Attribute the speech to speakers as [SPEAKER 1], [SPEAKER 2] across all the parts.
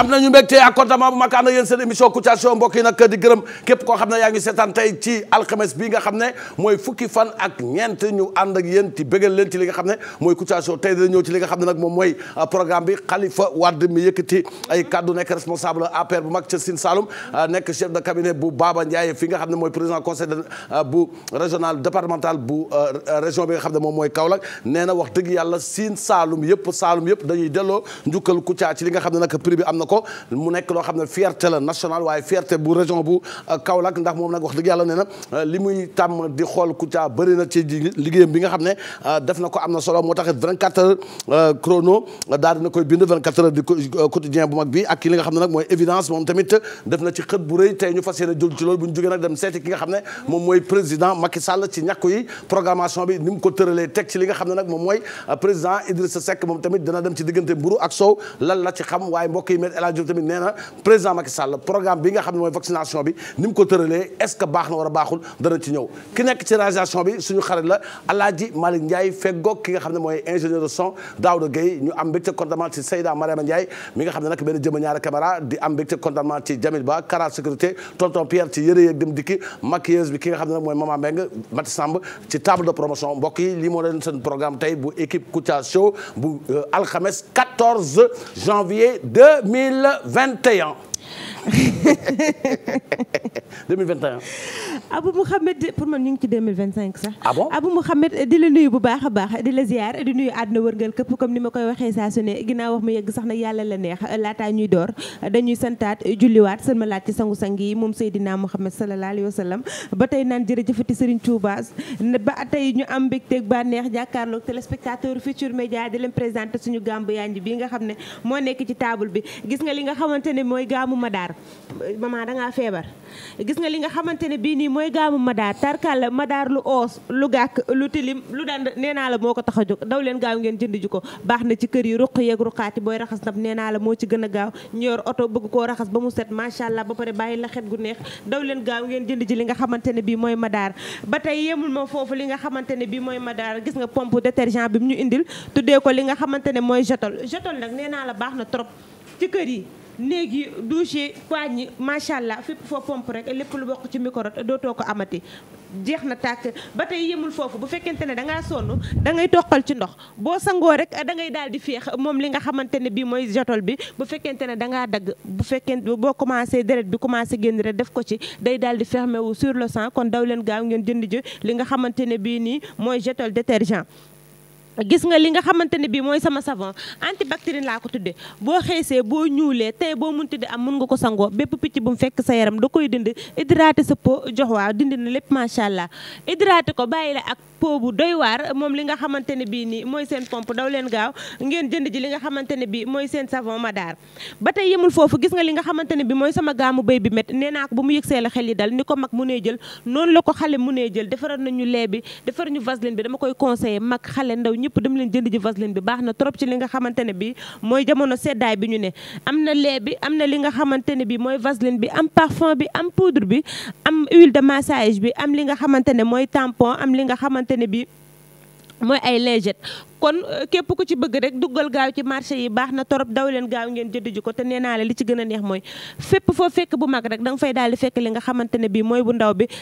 [SPEAKER 1] am nañu mbégte ak contentement bu mag ànd ak yéen seen émission Kouthia Show mbokk yi nag di gërëm képp koo xam ne yaa ngi seetaan tey ci alxames bi nga xam ne mooy ñeent ñu ànd ak yéen ci bégal leen ci li nga xam ne mooy Kouthia Show tey dina ci li nga xam ne nag moom mooy euh, programme bi Khalifa Wade mi yëkkati ay kaddu nekk responsable APR bu mag ca Sine Saloum euh, nekk chef de cabinet bu Baba Ndiaye fi nga xam ne mooy président conseil euh, bu régional départemental bu région bi nga xam ne moom mooy Kaolack nee na wax dëgg yàlla Sine Saloum yëpp Saloum yëpp dañuy delloo njukkal xam ne na ko mu nekk loo xam ne fierté la nationale waaye fierté bu région bu euh, Kaolack ndax moom nag wax dëgg euh, li muy tàmm di xool Kouthia bëri na ci liggéeyam bi nga xam ne euh, def na ko am na solo moo tax 24 heures chrono daal dina koy bind 24 heures di quotidien bu mag bi ak ki li nga xam ne nag mooy évidence moom tamit def na ci xët bu rëy tey ñu fas yéene jël ci loolu bu ñu jógee nag dem seeti ki nga xam ne moom mooy président Macky ci ñàkku yi El Hadj Diop tamit nee na président Macky Sall programme bi nga xam ne mooy vaccination bi ni ko tëralee est-ce baax na war a baaxul dana ci ñëw ki nekk ci réalisation bi suñu xarit la El Hadj Malick Ndiaye feggoog ki nga xam ne mooy ingénieur de son Daouda Gueye ñu am mbégte contentement ci Seyda Mariama Ndiaye mi nga xam ne nag benn jëma ñaari caméra di am mbégte contentement ci Jamil Ba Kara sécurité tonton Pierre ci yëre yeeg dem dikki maquilleuse bi ki nga 2021 2021.
[SPEAKER 2] Abou Mouhamed pour man ñu ngi ci 2025 sax. ah bon Abou Mouhamed di la nuyu bu baax a baax di la ziar di nuyu àdduna wërngal këpp comme ni ma koy waxee saa su ne ginnaaw wax mu yegg sax nag yàlla la neex laataa ñuy door dañuy santaat julliwaat sën ma laaj ci sangu-sang yi moom Seydina Mouhamed sallallahu alayhi wa sallam ba tey naan jërëjëfati Serigne Touba ba tey ñu am mbégteeg bànneex jàkkaarloog téléspectateur Futurs Médias di leen présenté suñu gàmb yanj bi nga xam ne moo nekk ci table bi gis nga li nga xamante ne mooy gàmb gaamu madaar maman da ngaa feebar gis nga li nga xamante ne bii nii mooy gaamu madaar tarkal madaar lu oos lu gàkk lu tilim lu daan nee naa la moo ko tax a jóg daw leen gaaw ngeen jënd ji ko baax na ci kër yi ruq yeeg ruqaati booy raxas ndab nee la moo ci gën a gaaw ñor oto bëgg koo raxas ba mu set macha allah ba pare bàyyi la xet gu neex daw leen gaaw ngeen jënd ji li nga xamante ne bii mooy madaar ba tey yemul ma foofu li nga xamante ne bii mooy madaar gis nga pomp détergent bi mu ñu indil tuddee ko li nga xamante ne mooy jotol jotol nag nee naa la baax na trop ci kër yi néeg yi douche yi waañ allah fépp foo pomp rek lépp lu bokk ci microbe dootoo ko amati. jeex na tàkk ba tey yemul foofu bu fekkente ne da ngaa sonn dangay ngay ci ndox boo sangoo rek da ngay daal di féex moom li nga xamante ne bii mooy jotol bi bu fekkente ne da ngaa dagg bu fekkente boo commencé deret bi commencé génn rek def ko ci day daal di fermé wu sur le sang kon daw leen gaaw ngeen jënd ji li nga xamante ne bii nii mooy jotol détergent. gis nga li nga xamante ne bii mooy sama savon antibactérien laa ko tuddee boo xeesee boo ñuulee tey boo mun tuddee am mun nga ko sangoo bépp picc bu mu fekk sa yaram da koy dindi hydraté sa peau jox waa dind na lépp macha allah. hydraté ko bàyyi la ak peau bu doy waar moom li nga xamante ne bii nii mooy seen pompe daw leen gaaw ngeen jënd ji li nga xamante ne bii mooy seen savon Madaar. ba tey yemul foofu gis nga li nga xamante ne bii mooy sama gaamu bay bi met nee naa ko ba mu yëgsee la xel yi dal ni ko mag mu nee jël noonu la ko xale mu nee jël defaral nañu lait bi defar ñu vaseline bi dama koy conseiller mag xale ndaw ñëpp ñëpp dem leen jënd ji vaseline bi baax na trop ci li nga xamante ne bi mooy jamono seddaay bi ñu ne am na lait bi am na li nga xamante ne bi mooy vaseline bi am parfum bi am poudre bi am huile de massage bi am li nga xamante ne mooy tampon am li nga xamante ne bi mooy ay lingette kon euh, képp ku ci bëgg rek duggal gaaw ci marché yi baax na torop daw leen gaaw ngeen jënd ji ko te nee naa la li ci gën a neex mooy fépp foo fekk bu mag rek da nga fay di fekk li nga xamante ne bi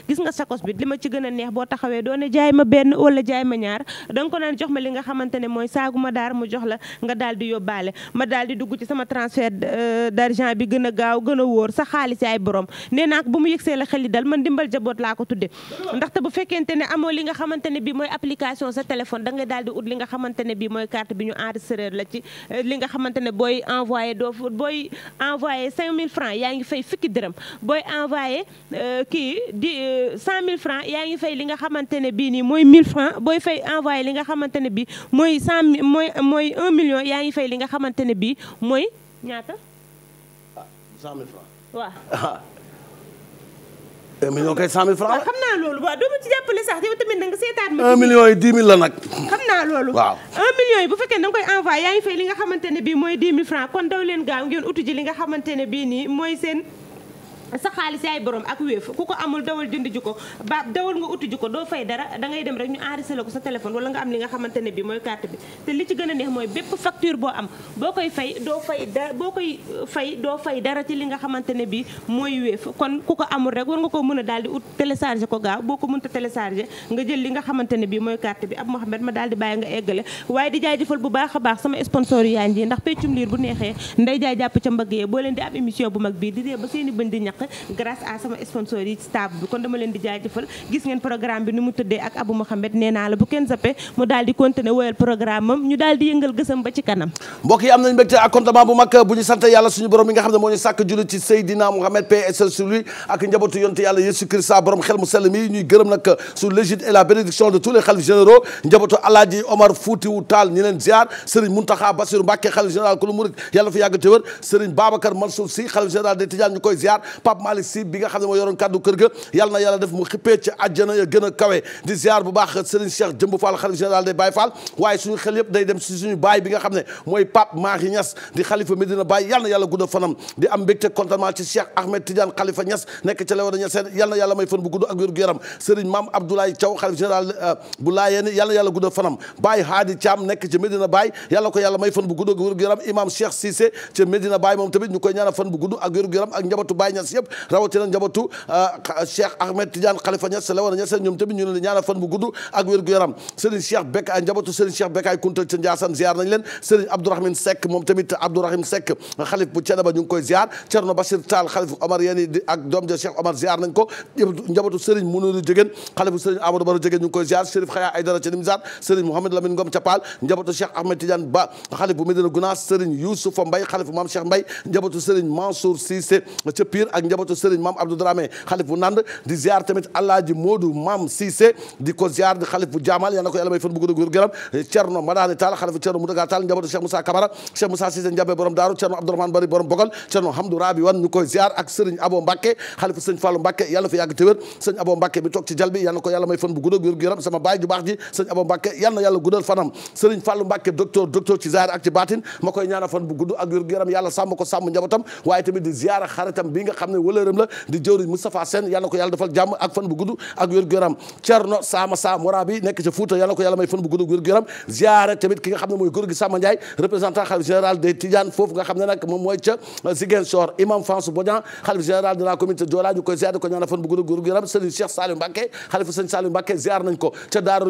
[SPEAKER 2] gis nga sakos bi li ma ci gën a neex boo taxawee doone jaay jaay ma ñaar da nga ko naan ma li nga xamante ne mooy saagu ma daar mu jox la nga daal di yóbbaale ma daal di dugg ci sama transfert euh, d'argent bi gën a gaaw gën a wóor sa xaalis ay borom nee naa ko bu mu yëgsee la xel yi dal man dimbal jaboot laa ko tudde ndaxte bu fekkente li nga xamante ne bii mooy application sa téléphone da ngay daal ut li nga xamante xamante ne bii mooy carte bi ñu enregistré la ci euh, li nga xamante ne booy envoyé doo booy envoyé cinq mille francs yaa ngi fay fukki dërëm booy envoyé euh, kii di euh, mille francs yaa ngi fay li nga xamante ne bii nii mooy 1000 francs booy fay envoyé li nga xamante ne bii mooy 100 mooy mooy 1 million yaa ngi fay li nga xamante ne bii mooy ñaata. Ah,
[SPEAKER 1] un million kay cent mille francs xam
[SPEAKER 2] naa loolu waaw doo ma ci jàppale sax yow tamit nga seetaat ma. un million un million bu fekkee da nga koy envoyé yaa li nga xamante ne bii mooy dix mille francs kon daw leen gaaw ngeen utu ji li nga xamante ne bii nii mooy seen. sa xaalis yaay borom ak wéef ku ko amul dawal jënd ji ko ba dawal nga uti ju ko doo fay dara da ngay dem rek ñu enregistré la ko sa téléphone wala nga am li nga xamante ne bi mooy carte bi te li gën a neex mooy bépp facture boo boo koy fay doo fay da boo koy fay doo fay dara ci li nga xamante ne bi mooy wéef kon ku ko amul rek war nga ko mën a daal di ut téléchargé ko gaaw boo ko mënta téléchargé nga jël li nga xamante ne bi mooy carte bi ab Mohamed ma daal di bàyyi nga eggale waaye di jaajëfal bu baax a baax sama sponsor yu ji ndax peccum liir bu neexee nday jaay jàpp ca mbëgg yee boo leen bu mag bii di ree ba seeni bën di ñaq yàq grâce à sama sponsor yi staff bi kon dama leen di jaajëfal gis ngeen programme bi ni mu tëddee ak Abou Mohamed nee la bu kenn zappe mu daal di continuer woyal programme am ñu daal di yëngal gësam ba ci kanam
[SPEAKER 1] mbokk yi am nañ mbégte ak contentement bu mag bu ñu sant yàlla suñu borom yi nga xam ne moo ñu sàkk julli ci Seydina Mohamed PSL sur lui ak njabootu yonte yàlla Yesu Christa borom xel mu sell ñuy gërëm nag sous l'égide et la bénédiction de tous les khalifes Pape Malick Sy bi nga xam ne moo yoroon kàddu kër ga yàlla na yàlla def mu xippee ci àjjana ya gën a kawe di ziar bu baax Serigne Cheikh Jëmb Fall xalif général des Baye Fall waaye suñu xel yëpp day dem si suñu baay bi xam ne mooy Pape Mahi Niass di xalifa Medina Baye yàlla na yàlla may fan bu gudd ak wér-gu-yaram Serigne Mame Abdoulaye Thiaw xalif général euh, bu Laayeen yàlla na fan bu gudd ak wér gu Imam Cheikh Cissé ca Medina Baye moom tamit ñu koy ñaanal fan bu yëpp rawatina njabootu ah, Cheikh Ahmed Tidiane Khalifa Niass la war a Niass ñoom tamit ñu leen ñaanal fan nañ leen Serigne Abdourahmane Seck moom tamit Abdourahim Seck xalif bu Thiénaba ñu ngi koy ziar Thierno Bachir xalif Omar yéen di ak ja Cheikh Omar ziar nañ ko njabootu Serigne Mounirou Diegane xalif bu Serigne Amadou Baro Diegane ñu ngi koy ziar Chérif Khaya Aïdara ca Nimzat Serigne Mouhamed Lamine Ngom Capal njabootu Cheikh Ahmed Tidiane Ba xalif bu Medina Gounass Serigne njabootu Serigne Mame Abdou Dramé xalif bu Ndande di ziar tamit Alaaji Modou Mame Cissé di ko ziar di xalif bu Jaamal yal na ko yal may fan bu gudd góor gëram sama baay ju baax ji Serigne Abo Mbacké ci ziar ak ci baatin ma koy ñaanal fan bu gudd ak wér gëram yàlla sàmm ko sàmm njabootam waaye tamit di ziar xaritam bi nga xam ne wëlëram la di jëwriñ Moustapha Sène yal na ko yàlla defal jàmm ak fan bu ak wér gu yaram Thierno Sama Sa Mora nekk ca Fouta yal na ko yàlla may fan bu ak wér gu yaram ziare ki nga xam ne mooy góor gi Samba Ndiaye représentant nga xam ne nag moom mooy ca imam fan bu ak wér gu yaram Serigne Cheikh Saliou Mbacké xalifu Serigne Saliou Mbacké ziar ko ca fan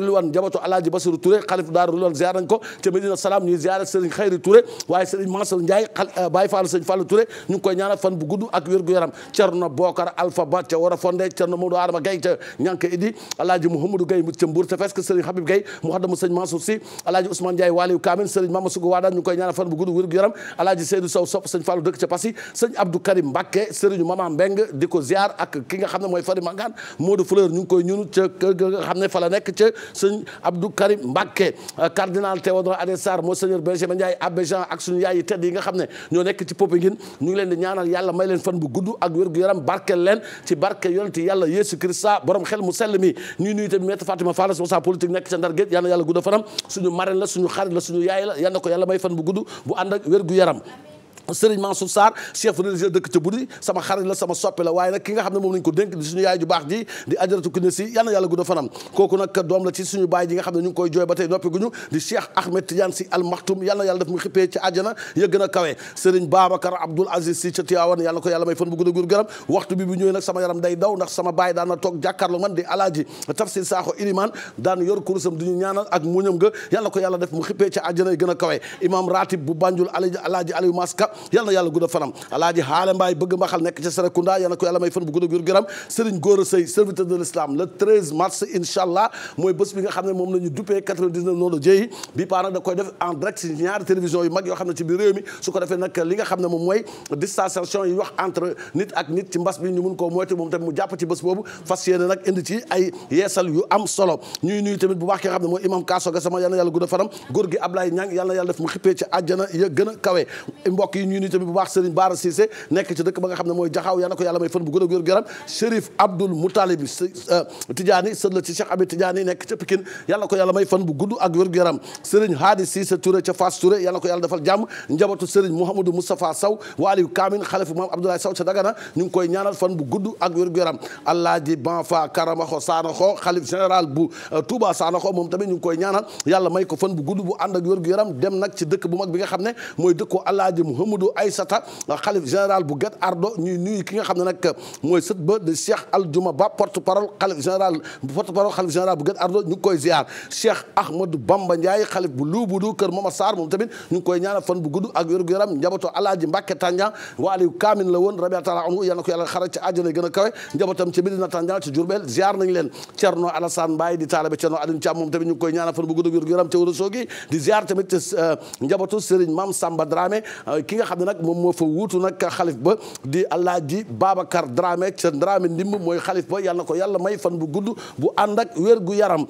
[SPEAKER 1] bu ak wér gu Thiam Thierno Bokar Alpha Ba ca war a fonde Thierno Modou Adama Gaye ca ñànk idi e alaaji Mouhamadou Gaye ca Mbour ca Fès Serigne Habib Gaye mu xaddamu sëñ Mansour Sy alaaji Ousmane Ndiaye Waliou Kamil Serigne Mama Sugu Waadaan ñu koy ñaanal fan bu gudd wér gu yaram alaaji Seydou Sow sopp sëñ Fallou dëkk ca Passy sëñ Abdou Karim Mbacké Serigne Mama Mbeng di ko ak ki nga xam ne mooy Fari Mangane Modou Fleur ñu ngi koy ñunu ca kër nga xam ne fa euh, nekk ci ak wér-gu-yaram barkeel leen ci barke yonenti yàlla Yeesu Krista borom xel mu sell mi ñuy nuyu tamit maître Fatima Fall responsable politique nekk ca Ndar Géej yal na yàlla gudda fanam suñu marraine la suñu xarit la suñu yaay la yal ko yàlla may fan bu gudd bu ànd ak wér-gu-yaram Sëriñ Mansour Sarr chef religieux dëkk ca Buri sama xarit la sama soppe la waaye ki nga xam ne moom lañ ko dénk di suñu yaay ju baax ji di ajaratu kine si yal na yàlla gudd fanam kooku nag doom la ci suñu baay ji nga xam ne ñu ngi koy jooy ba tey noppi guñu di Cheikh Ahmed Tidiane si Al yal na yàlla daf mu a kawe Sëriñ ko yàlla may fan bu gudd a guur garam waxtu bi bu ñëwee nag sama yaram day daw ndax sama baay daan na toog jàkkaarloo man di alaaji Tafsir Sakho Iliman ak muñam nga yal ko yàlla def mu xippee ci àjjana ya gën a kawe yal na yàlla gudda fanam alaaji xaale mbaay bëgg mbaxal nekk ci Serekunda yal na may fan bu gudda wér gu yaram Serigne Gora Seye serviteur de l'islam mars incha allah mooy bés bi nga xam ne moom la ñu duppee 99 noonu la jéeyi bi paa nag da koy def en direct si ñaari télévision yu mag yoo xam ne ci biir réew mi su ko defee nag li nga xam ne moom mooy distanciation yi wax entre nit ak nit ci mbas bi ñu mun koo moytu moom tamit mu jàpp ci bés boobu fas yéene nag indi tamit bu baax ki nga xam ne mooy imam Kaaso Gassama yal na yàlla gudda fanam góor a kawe mbokk ñu ni tamit bu baax Serigne Bara Cissé nekk ci dëkk ba nga xam ne mooy jaxaaw yal na ko yàlla may fan bu a wér gu yaram Chérif Abdoul Moutalib euh, Tidiane sët la ci Cheikh Abi Tidiane nekk ca Pikine yal na ko yàlla bu gudd ak wér gu yaram Serigne Hadi Cissé ca Fass Touré yal na ko yàlla defal jàmm njabootu Serigne Mouhamadou Moustapha Sow waaliyu Kamin xalifu Maam Abdoulaye Sow ca Dagana ñu koy ñaanal fan bu gudd ak wér gu yaram Alaaji Banfa Karamaxo Saanaxo xalif général bu euh, Touba Saanaxo moom tamit ñu ngi koy ñaanal yalla may ko fan bu gudd bu ànd ak wér gu dem nag bu mag bi nga xam mooy dëkk ko Alaaji Mouhamadou Modou Aysata xalif général bu Guet Ardo ñuy nuyu ki nga xam ne nag mooy sët ba de Cheikh Aldiouma Ba porte parole xalif général porte parole xalif général bu Guet Ardo ñu ngi koy ziar Cheikh Ahmadou Bamba Ndiaye xalif bu Luubudu kër Mama Sarr moom tamit ñu ngi koy ñaanal fan bu gudd ak wér gu yaram njabootu Alaaji Mbàkke Tànja waaliyu kaamin la woon rabia taala anhu yal na ko yàlla ci àjjana gën a kawe njabootam ci Medina Tànja ci Jurbel ziar nañ leen Cerno Alassane Mbaye di taalibe ci wërësoo gi di ziar tamit euh, Samba Dramé euh, nga xam ne nag moom moo fa wuutu nag xalif ba di Alaaji Babacar Dramé ca Dramé ndimb mooy xalif ba yàlla na ko yàlla may fan bu gudd bu ànd ak wér gu yaram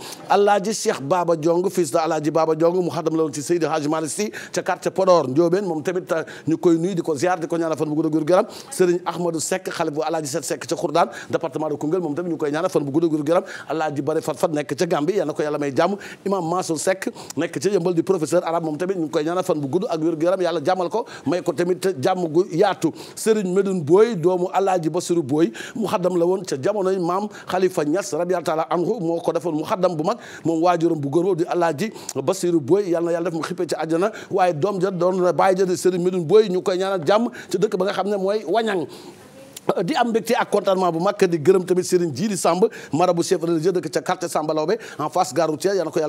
[SPEAKER 1] Alaaji Bare Fat Fat nekk ca Gambie yàlla na ko yàlla may jàmm Imam Mansour Seck nekk ca Yëmbal di professeur arabe moom tamit ñu koy ñaanal fan bu gudd ak wér gu yaram yàlla jàmmal ko may ko tamit jàmm gu yaatu Serigne Medoune Boye doomu Alaaji Basiru Boye mu xaddam la woon ca jamonoy maam Khalifa Niass radiyallahu taala anhu moo ko defoon mu xaddam bu mag moom waajuram bu góor di Alaaji Basiru Boye yàlla na yàlla def mu xippee ca àjjana waaye doom ja doon na bàyyi ja di Serigne Medoune Boye ñu koy ñaanal jàmm ca dëkk ba nga xam ne mooy wañang di am mbégte ak contentement bu mag di gërëm tamit Serigne Djili Samb marabu chef religieux dëkk ca quartier Samba Lawbe en face gare routière yal na ko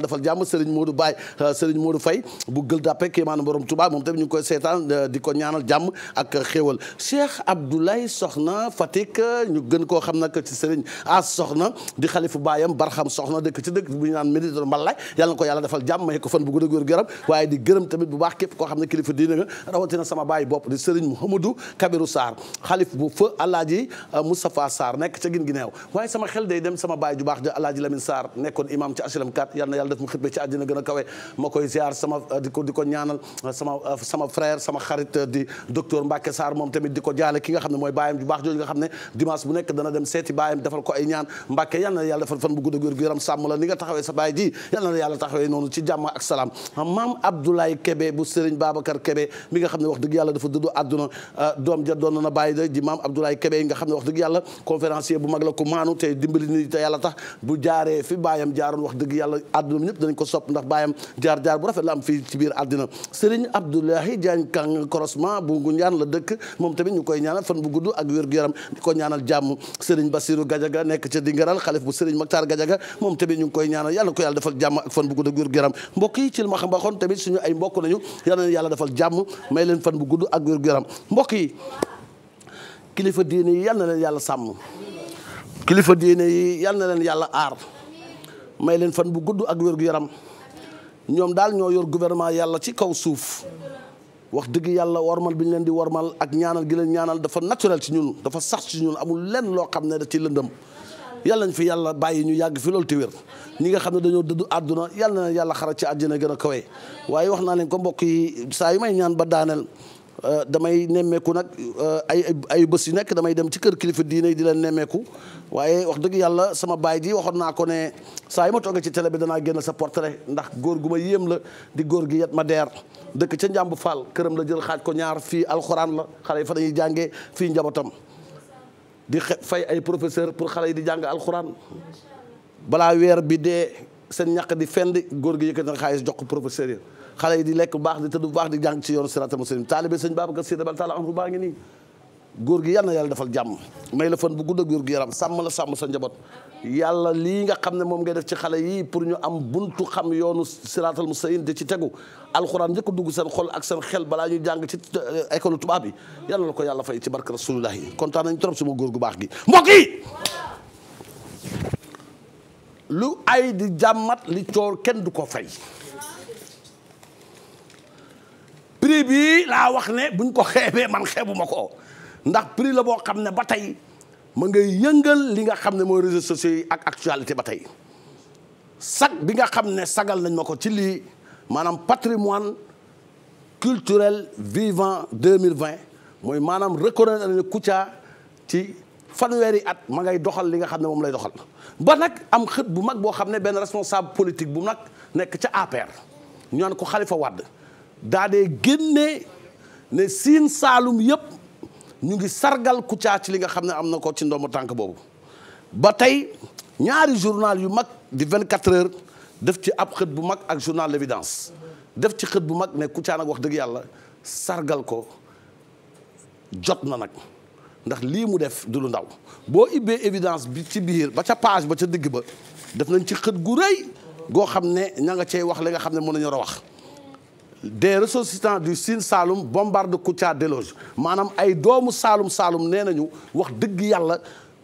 [SPEAKER 1] euh, ñu ngi koy seetaan euh, di ko ñaanal jàmm ak xéewal Cheikh Abdoulaye Soxna Fatick ñu xam nag ci Serigne As Soxna di xalifu baayam Barxam Soxna dëkk ci dëkk bu ñu naan Médina Mbalaay yal ko yàlla defal jàmm may ko fan bu gudd wér garam waaye di gërëm tamit bu baax képp koo xam ne kilifa diina nga rawatina sama baay bopp di Serigne Mouhamadou Kabirou Sarr xalif bu feu alaaji euh, Moustapha Sarr nekk ca gin gineew waaye sama xel day dem sama baay ju baax ja alaaji a moom tamit di ko jaale ki nga xam ne mooy baayam ju baax jooju nga xam ne dimanche bu nekk dana dem seeti baayam defal ko ay ñaan Mbacke yal na yàlla defal fan bu gudd ak wér gu ni nga taxawee sa baay ji yal na yàlla taxawee noonu ci jàmm euh, doom ja doon na bàyyi di maam Abdoulaye Kébé nga xam ne wax dëgg yàlla conférencier bu mag la ko maanu te ni te yàlla tax bu jaaree fi baayam jaaroon wax dëgg yàlla àdduna ñëpp dañ ko sopp ndax baayam jaar jaar bu rafet la am fii ci biir àddina Serigne Abdoulahi Diagne Kang Korosma bu Ngoundiane la dëkk moom tamit ñu koy ñaanal fan bu gudd ak wér gu yaram di ko ñaanal jàmm Serigne Bassirou Gadiaga nekk ca Dingaral xalif bu Serigne Mactar Gadiaga moom tamit ñu ngi koy ñaanal yàlla ko yàlla defal jàmm ak fan bu gudd ak wér gu yaram mbokk yi ci li ma xam waxoon suñu mbokk nañu yàlla yàlla defal jàmm may leen fan bu gudd ak wér gu yaram mbokk yi kilifa diine yi yal na leen yàlla sàmm kilifa diine yi yal na leen yàlla aar may leen fan bu gudd ak wér-gu-yaram ñoom daal ñoo yor gouvernement yàlla ci kaw suuf wax dëgg yàlla wormal bi ñu leen di wormal ak ñaanal gi leen ñaanal dafa naturel ci ñun dafa sax ci ñun amul lenn loo xam ne da ci lëndëm yàlla nañ fi yàlla bàyyi ñu yàgg fi loolu te wér ñi nga xam ne dañoo dëddu àdduna yàlla na yàlla xara ci àddina gën a kawe waaye wax naa leen ko mbokk saa Euh, damay nemmeeku nag euh, ay ay bés yu nekk damay dem ci kër kilifa diine di leen nemmeeku waaye wax dëgg yàlla sama baay ji waxoon naa ko ne saa yi ma toogee ci tele bi danaa génn sa portrait ndax góor gu ma yéem la di góor gi yet ma deer dëkk ca njàmb faal këram la jël xaaj ko ñaar fii alxuraan la xale yi fa dañuy jànge fii njabootam di fay ay professeur pour xale yi di jàng alxuraan balaa weer bi dee seen ñaq di fend góor gi yëkkati na xaalis jox ko professeur xale yi di lekk bu baax di tëdd bu baax di jàng ci yoonu siraatal mustaqiim taalibe sëñ Babacar Sy dabal taala anhu baa ngi nii góor gi yal na yàlla defal jàmm may la fan bu gudd ak góor gi yaram sàmm la sàmm sa njaboot yàlla lii nga xam ne moom ngay def ci xale yi pour ñu am buntu xam yoonu siraatal mustaqiim di ci tegu alxuraan njëkk dugg seen xol ak seen xel balaa ñuy jàng ci euh, école tubaab bi yàlla la ko yàlla fay ci barke rasulullah yi kontaan nañ trop suma góor gu baax gi mbokk yi lu ay di jàmmat li coor kenn du ko fay prix bi laa wax ne buñ ko xeebee man xeebuma ko ndax prix la boo xam ne ba tey ma ngay yëngal li nga xam ne mooy réseaux sociaux ak actualité ba tey sag bi nga xam ne sagal nañ ma ko ci lii maanaam patrimoine culturel vivant 2020 mooy maanaam reconnaître nañu Kouthia ci fanweeri at ma ngay doxal li nga xam ne moom lay doxal ba nag am xët bu mag boo xam ne benn responsable politique bu nag nekk ca APR ñu naan ko Khalifa wàdd daade dee génne ne siin saalum yëpp ñu ngi sargal Kouthia ci li nga xam ne am na ko ci ndoomu tànk boobu ba tey ñaari journal yu mag di quatre heures def ci ab xët bu mag ak journal l'évidence def ci xët bu mag ne Kouthia nag wax dëgg yàlla sargal ko jot na nag ndax lii mu def du lu ndaw boo ibbee évidence bi ci biir ba ca page ba ca digg ba def nañ ci xët gu rëy goo xam ne ña nga cey wax li nga xam ne mën nañu war a wax des ressortissants du Sine Saloum bombarde Kouthia déloge maanaam ay doomu saalum saalum nee nañu wax dëgg yàlla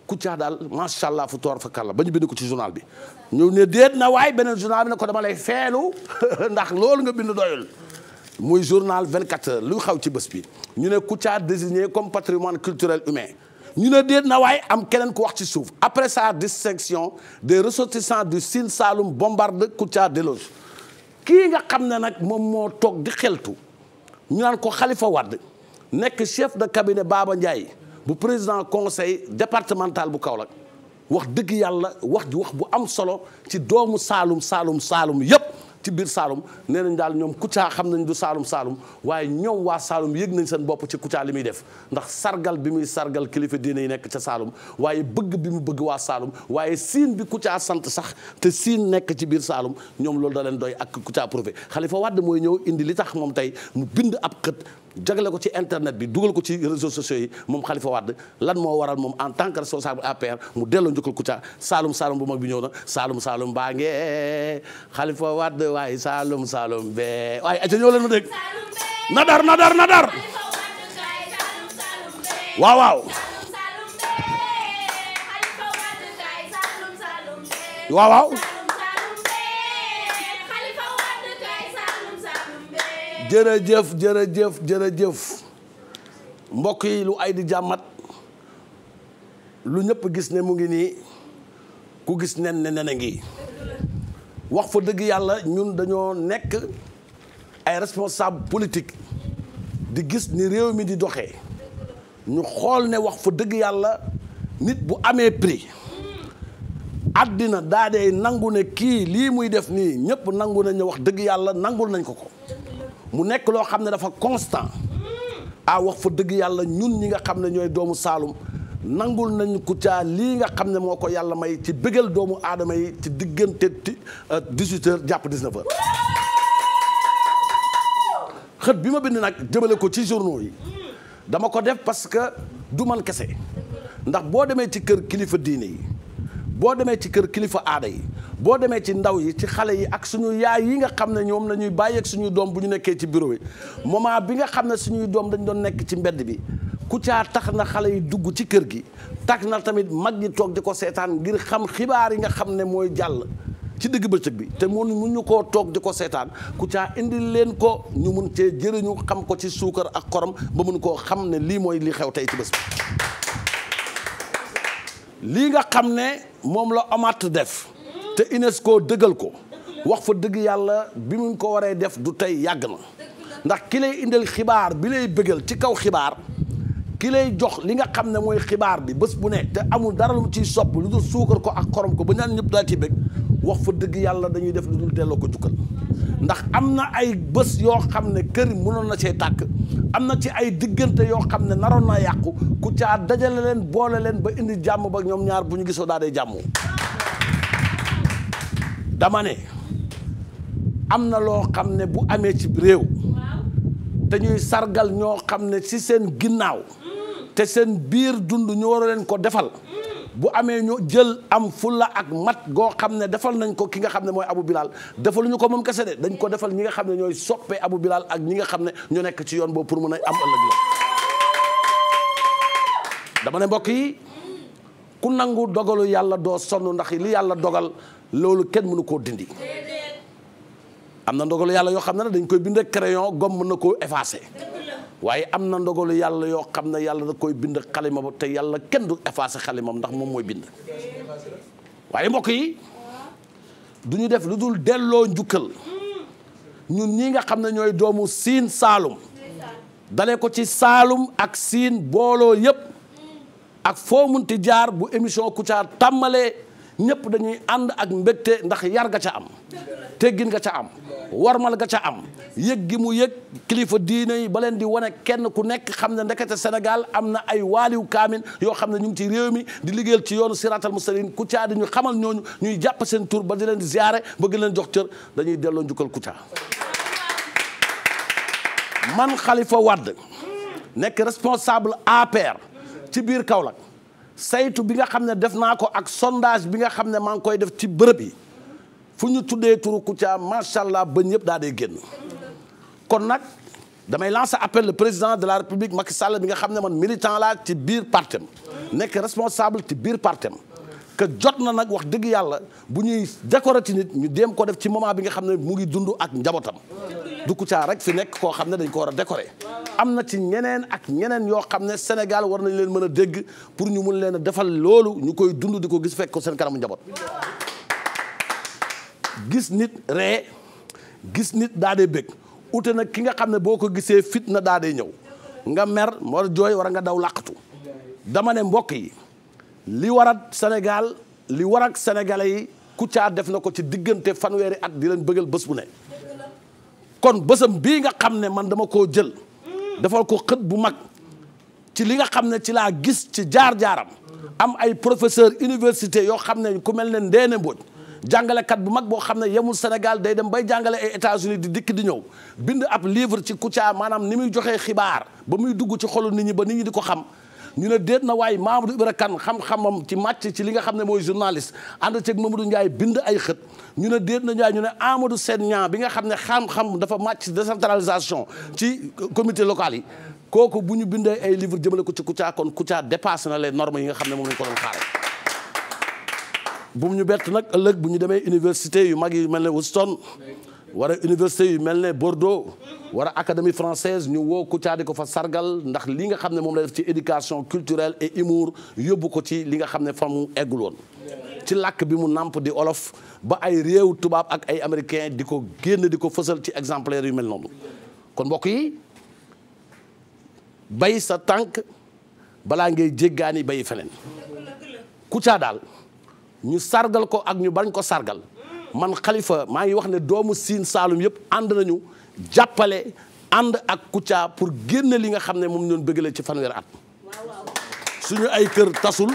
[SPEAKER 1] Kouthia daal macha allah fu toor fa kàlla ba ñu bind ko ci journal bi. ñu ne déet na waay beneen journal bi ne ko dama lay feelu ndax loolu nga bind doyul. muy journal 24 heures lu xaw ci bés bi ñu ne Kouthia désigné comme patrimoine culturel humain ñu ne déet na waaye am keneen ku wax ci suuf après sa distinction des ressortissants du Sine Saloum bombarde Kouthia déloge kii nga xam ne nag moom moo toog di xeltu ñu naan ko Khalifa Wade nekk chef de cabinet Baba Ndiaye bu président conseil départemental bu Kaolack wax dëgg yàlla wax ji wax bu am solo ci doomu Saalum Saalum Saalum yépp ci biir Saalum nee nañ daal ñoom Kouthia xam nañ du Saalum Saalum waaye ñoom waa Saalum yëg nañ seen bopp ci Kouthia li muy def ndax sargal bi muy sargal kilifa diine yi nekk ca Saalum waaye bëgg bi mu bëgg waa Saalum waaye siin bi Kouthia sant sax te siin nekk ci biir Saalum ñoom loolu da leen doy ak Kouthia prouvé xalifa Wade mooy ñëw indi li tax moom tey mu bind ab xët jagale ko ci internet bi dugal ko ci réseaux sociaux yi moom xalifa Wade lan moo waral moom en tant que responsable APR mu delloo njukkal Kouthia Saalum Saalum bu mag bi ñëw na Saalum Saalum baa waay Saalum Saalum bee waay ayca ñëw leen ma dégg nadar nadar nadar waaw waaw jërëjëf jërëjëf jërëjëf mbokk yi lu ay di jàmmat lu ñëpp gis ne mu ngi nii ku gis nen ne nena ngi wax fa dëgg yàlla ñun dañoo nekk ay responsable politique di gis ni réew mi di doxee ñu xool ne wax fa dëgg yàlla nit bu amee prix àddina daa nangu ne kii lii muy def nii ñëpp nangu nañ ne wax dëgg yàlla nangul nañ ko ko mu nekk loo xam ne dafa constant ah wax fa dëgg yàlla ñun ñi nga xam ne ñooy doomu Saalum nangul nañu Kouthia lii nga xam ne moo ko yàlla may ci bëggal doomu aadama yi ci diggante ci 18 euh, jàpp 19 xët bi ma bind nag jëmale ko ci journaux yi dama ko def parce que du man kese ndax boo demee ci kër kilifa diine yi boo demee ci kër kilifa aada yi boo demee ci ndaw yi ci xale yi ak suñu yaay yi nga xam ne ñoom la ñuy bàyyi suñu doom bu ñu nekkee ci bureau yi moment bi nga xam ne suñuy doom dañu doon nekk ci mbedd bi ku caa tax na xale yi dugg ci kër gi tax na tamit mag ñi toog di ko seetaan ngir xam xibaar yi nga xam ne mooy jàll ci digg bëccëg bi te mun mun toog di ko seetaan Kouthia indi leen ko ñu mun cee jëriñu xam ko ci suukar ak xorom ba mun koo xam ne lii mooy li xew tey ci bés bi lii nga xam ne moom la Omart def te UNESCO dëggal ko wax fa dëgg yàlla bi mu ko waree def du tey yàgg na ndax ki lay indil xibaar bi lay bëggal ci kaw xibaar ki lay jox li nga xam ne mooy xibaar bi bés bu ne te amul dara lu ciy sopp lu dul suukar ko ak xorom ko ba ñaan ñëpp daa ci bëgg wax fa dëgg yàlla dañuy def lu dul delloo ko jukkal ndax am na ay bés yoo xam ne kër mënoon na see tàkk am na ci ay diggante yoo xam ne naroon naa yàqu ku caa dajale leen boole leen ba indi jàmm ba ñoom ñaar bu ñu gisoo daal jàmmoo dama ne am na loo xam ne bu amee ci réew te ñuy sargal ñoo xam ne si seen ginnaaw mm. te seen biir dund ñu war leen ko defal mm. bu amee ñu jël am fulla ak mat goo xam ne defal nañ ko ki nga xam ne mooy Abu Bilal defaluñu ko moom kese de dañ ko defal ñi nga xam ne ñooy soppee Abu Bilal ak ñi nga xam ne ñu nekk ci yoon boobu pour mën a am ëllëg la dama ne mbokk yi ku nangu dogalu yàlla doo sonn ndax li yàlla dogal loolu kenn mënu koo dindi am na ndogalu yàlla yoo xam ne ne dañ koy bind ak crayon gomme mën na koo effacer waaye am na ndogalu yàlla yoo xam ne yàlla da koy bind xalima ba te yàlla kenn du effacer xalimam ndax moom mooy bind waaye mbokk yi du ñu def lu dul delloo njukkal ñun ñi nga xam ne ñooy doomu siin saalum dale ko ci saalum ak siin booloo yépp ak foo ti jaar bu émission Kouthia tàmmalee ñëpp dañuy ànd ak mbégte ndax yar ga ca am teggin ga ca am warmal ga ca am yëg gi mu yëg kilifa diine yi ba leen di wane kenn ku nekk xam ne ndekete senegal am na ay waaliw kaamin yoo xam ne ñu ngi ci réew mi di liggéeyal ci yoonu siratal mustaqim Kouthia di ñu xamal ñooñu ñuy jàpp seen tur ba di leen di ziare bëgg leen jox cër dañuy delloo njukkal Kouthia man xalifa Wade nekk responsable APR ci biir Kaolack saytu bi nga xam ne def naa ko ak sondage bi nga xam ne maa ngi koy def ci bërëb yi fu ñu tuddee turu Kouthia macha allah ba ñëpp daa dee génn kon nag damay lance appel le président de la république Macky Sall bi nga xam ne man militant laa ci biir partem nekk responsable ci biir partem que jot na nag wax dëgg yàlla bu ñuy décorer nit ñu dem ko def ci moment bi nga xam ne mu ngi dund ak njabootam du Kouthia rek fi nekk koo xam ne dañ ko war a décorer. am na ci ñeneen ak ñeneen yoo xam ne senegal war nañ leen mën a dégg pour ñu mun leen a defal loolu ñu koy dund di ko gis fekk ko seen kanamu njaboot. gis nit ree gis nit daa dee bëgg ute nag ki nga xam ne boo ko gisee fit na daa dee ñëw nga mer moo jooy war nga daw làqatu dama ne mbokk yi li a senegal li war ak sénégalais yi ku caa def na ko ci diggante fanweeri at di leen bëggal bës bu ne kon bésam bii nga xam ne man dama koo jël dafal ko xët bu mag ci li nga xam ne ci laa gis ci jaar-jaaram am ay professeur université yoo xam ne ku mel ne Ndéné Mbodj jàngalekat bu mag boo xam ne yemul Sénégal day dem bay jàngale ay États-Unis di dikk di ñëw bind ab livre ci Kouthia maanaam ni muy joxee xibaar ba muy dugg ci xolu nit ñi ba nit ñi di ko xam ñu ne déet na waaye Mamadou Ibra Kane xam-xamam ci màcc ci li nga xam ne mooy journaliste ànd ceeg Mamadou Ndiaye bind ay xët ñu ne déet na Ndiaye ñu ne Amadou Sène Niang bi nga xam ne xam-xam dafa màcc décentralisation ci commité local yi kooku bu ñu bindee ay livre jëmale ko ci Kouthia kon Kouthia dépassé na les normes yi nga xam ne moom lañ ko doon xaare bu ñu bett nag ëllëg bu ñu demee université yu mag yi mel ne Houston war a université yu mel ne Bordeaux war a académie française ñu woo Kouthia di ko fa sargal ndax li nga xam ne moom la def ci éducation culturelle et humour yóbbu ko ci li nga xam ne fa mu eggul woon ci làkk bi mu nàmp di olof ba ay réew tubaab ak ay américain di ko génn di ko fësal ci exemplaire yu mel noonu kon mbokk yi bay sa tànk balaa ngay jéggaani bay feneen Kouthia daal ñu sargal ko ak ñu bañ ko sargal man xalifa maa ngi wax ne doomu Sine Saalum yëpp ànd nañu jàppale ànd ak Kouthia pour génne li nga xam ne moom ñoon bëggale ci fanweeri at suñu ay kër tasul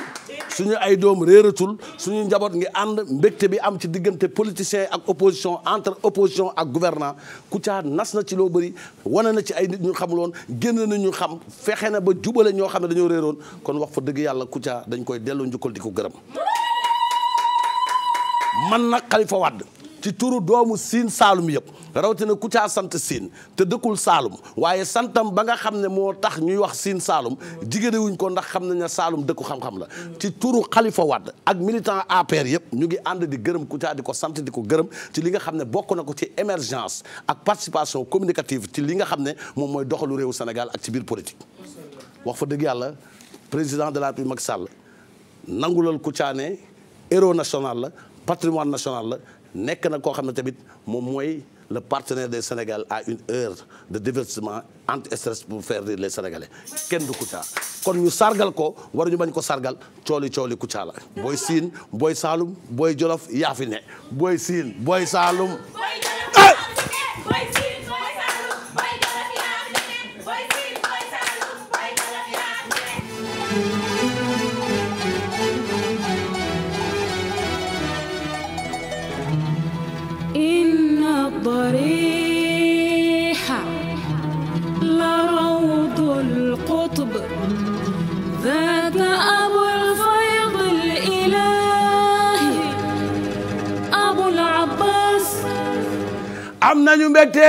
[SPEAKER 1] suñu ay doom réeratul suñu njaboot ngi ànd mbégte bi am ci diggante politicien ak opposition entre opposition ak gouvernant Kouthia nas na ci loo bëri wane na ci ay nit ñu xamuloon génn na ñu xam fexe na ba jubale ñoo xam ne dañoo réeroon kon wax fa dëgg yàlla Kouthia dañ koy delloo njukkal di ko gërëm man nag Khalifa Wade ci turu doomu siin saalum yëpp rawatina ku caa sant siin te dëkkul saalum waaye santam ba nga xam ne moo tax ñuy wax siin saalum jigéenewuñ ko ndax xam nañ ne saalum dëkku xam-xam la ci turu Khalifa Wade ak militant APR yëpp ñu ngi ànd di gërëm ku caa di ko sant di ko gërëm ci li nga xam ne bokk na ko ci émergence ak participation communicative ci li nga xam ne moom mooy doxalu réewu Sénégal ak ci biir politique wax fa dëgg yàlla président de la République Sall nangulal ku caa ne héros la patrimoine national la nekk na koo xam ne tamit moom mooy le partenaire des Sénégal à une heure de divertissement anti-stress pour faire rire les Sénégalais kenn du Kouthia kon ñu sargal ko war ñu bañ ko sargal cooli cooli Kouthia la booy siin booy saalum booy jolof yaa fi ne booy siin booy saalum
[SPEAKER 2] الضريحة لروض القطب ذات أبو الفيض الإلهي
[SPEAKER 3] أبو العباس
[SPEAKER 1] am nañu mbégte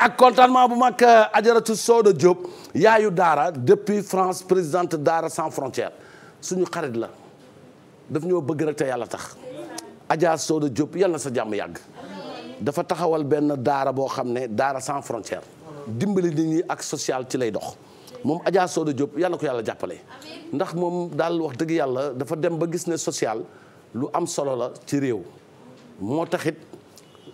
[SPEAKER 1] ak contentement bu mag Ajaratu Sooda Diop yaayu Daara depuis France présidente Daara sans frontières suñu xarit la daf ñoo bëgg rek te yàlla tax Adja Sooda Diop yàlla na sa jàmm yàgg. dafa taxawal benn daara boo xam ne daara sans frontière dimbali nit ñi ak social ci lay dox moom Adja Soda Diop yàlla ko yàlla jàppale ndax moom daal wax dëgg yàlla dafa dem ba gis ne social lu am solo la ci réew moo taxit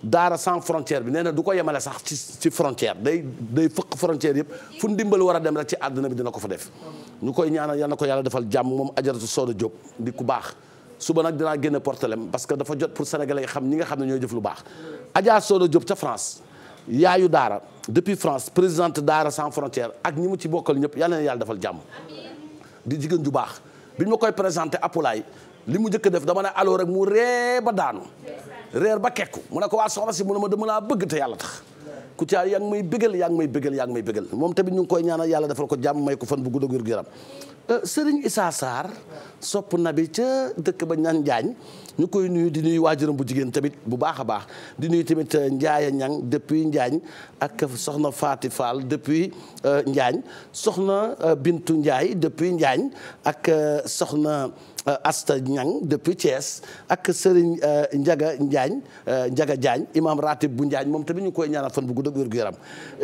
[SPEAKER 1] daara sans frontière bi nee na du ko yemale sax ci ci frontière day day fëq frontière yëpp fu ndimbal war a dem rek ci àdduna bi dina ko fa def ñu koy ñaanal yal na ko yàlla defal jàmm moom Adja Soda Diop di ku baax suba nag dinaa génne portelem parce que dafa jot pour sénégalais yi xam ñi nga xam ne ñooy jëf lu baax. Adja Soda Diop ca France yaayu Daara depuis France présidente Daara sans frontière ak ñi mu ci bokkal ñëpp yal na yàlla defal jàmm. di jigéen ju baax bi ñu ma koy présenté Apulaay li mu njëkk def dama ne allo rek mu ree ba daanu. reer ba kekku mu ne ko waa soxna si mu ne ma dama laa bëgg te yàlla tax. Kouthia yaa ngi may bégal yaa ngi may bégal may bégal moom tamit ñu ngi koy ñaanal yàlla defal ko jàmm may ko fan bu gudd ak wér gu yaram euh, Serigne Issa Sarr sopp na bi ca dëkk ba ñaan Njaañ ñu koy nuyu di nuyu waajuram bu jigéen tamit bu baax a baax di nuy tamit euh, Ndiaye Ñang depuis Njaañ ak soxna Faati Fall depuis euh, Njaañ soxna Bintu Ndiaye depuis Njaañ ak soxna Euh, Asta Ñang depuis Thiès ak Serigne euh, Ndiaga Njaañ euh, Ndiaga Diagne imam ratib bu Njaañ moom te tamit ñu koy ñaanal fan bu gudd ak wér gu yaram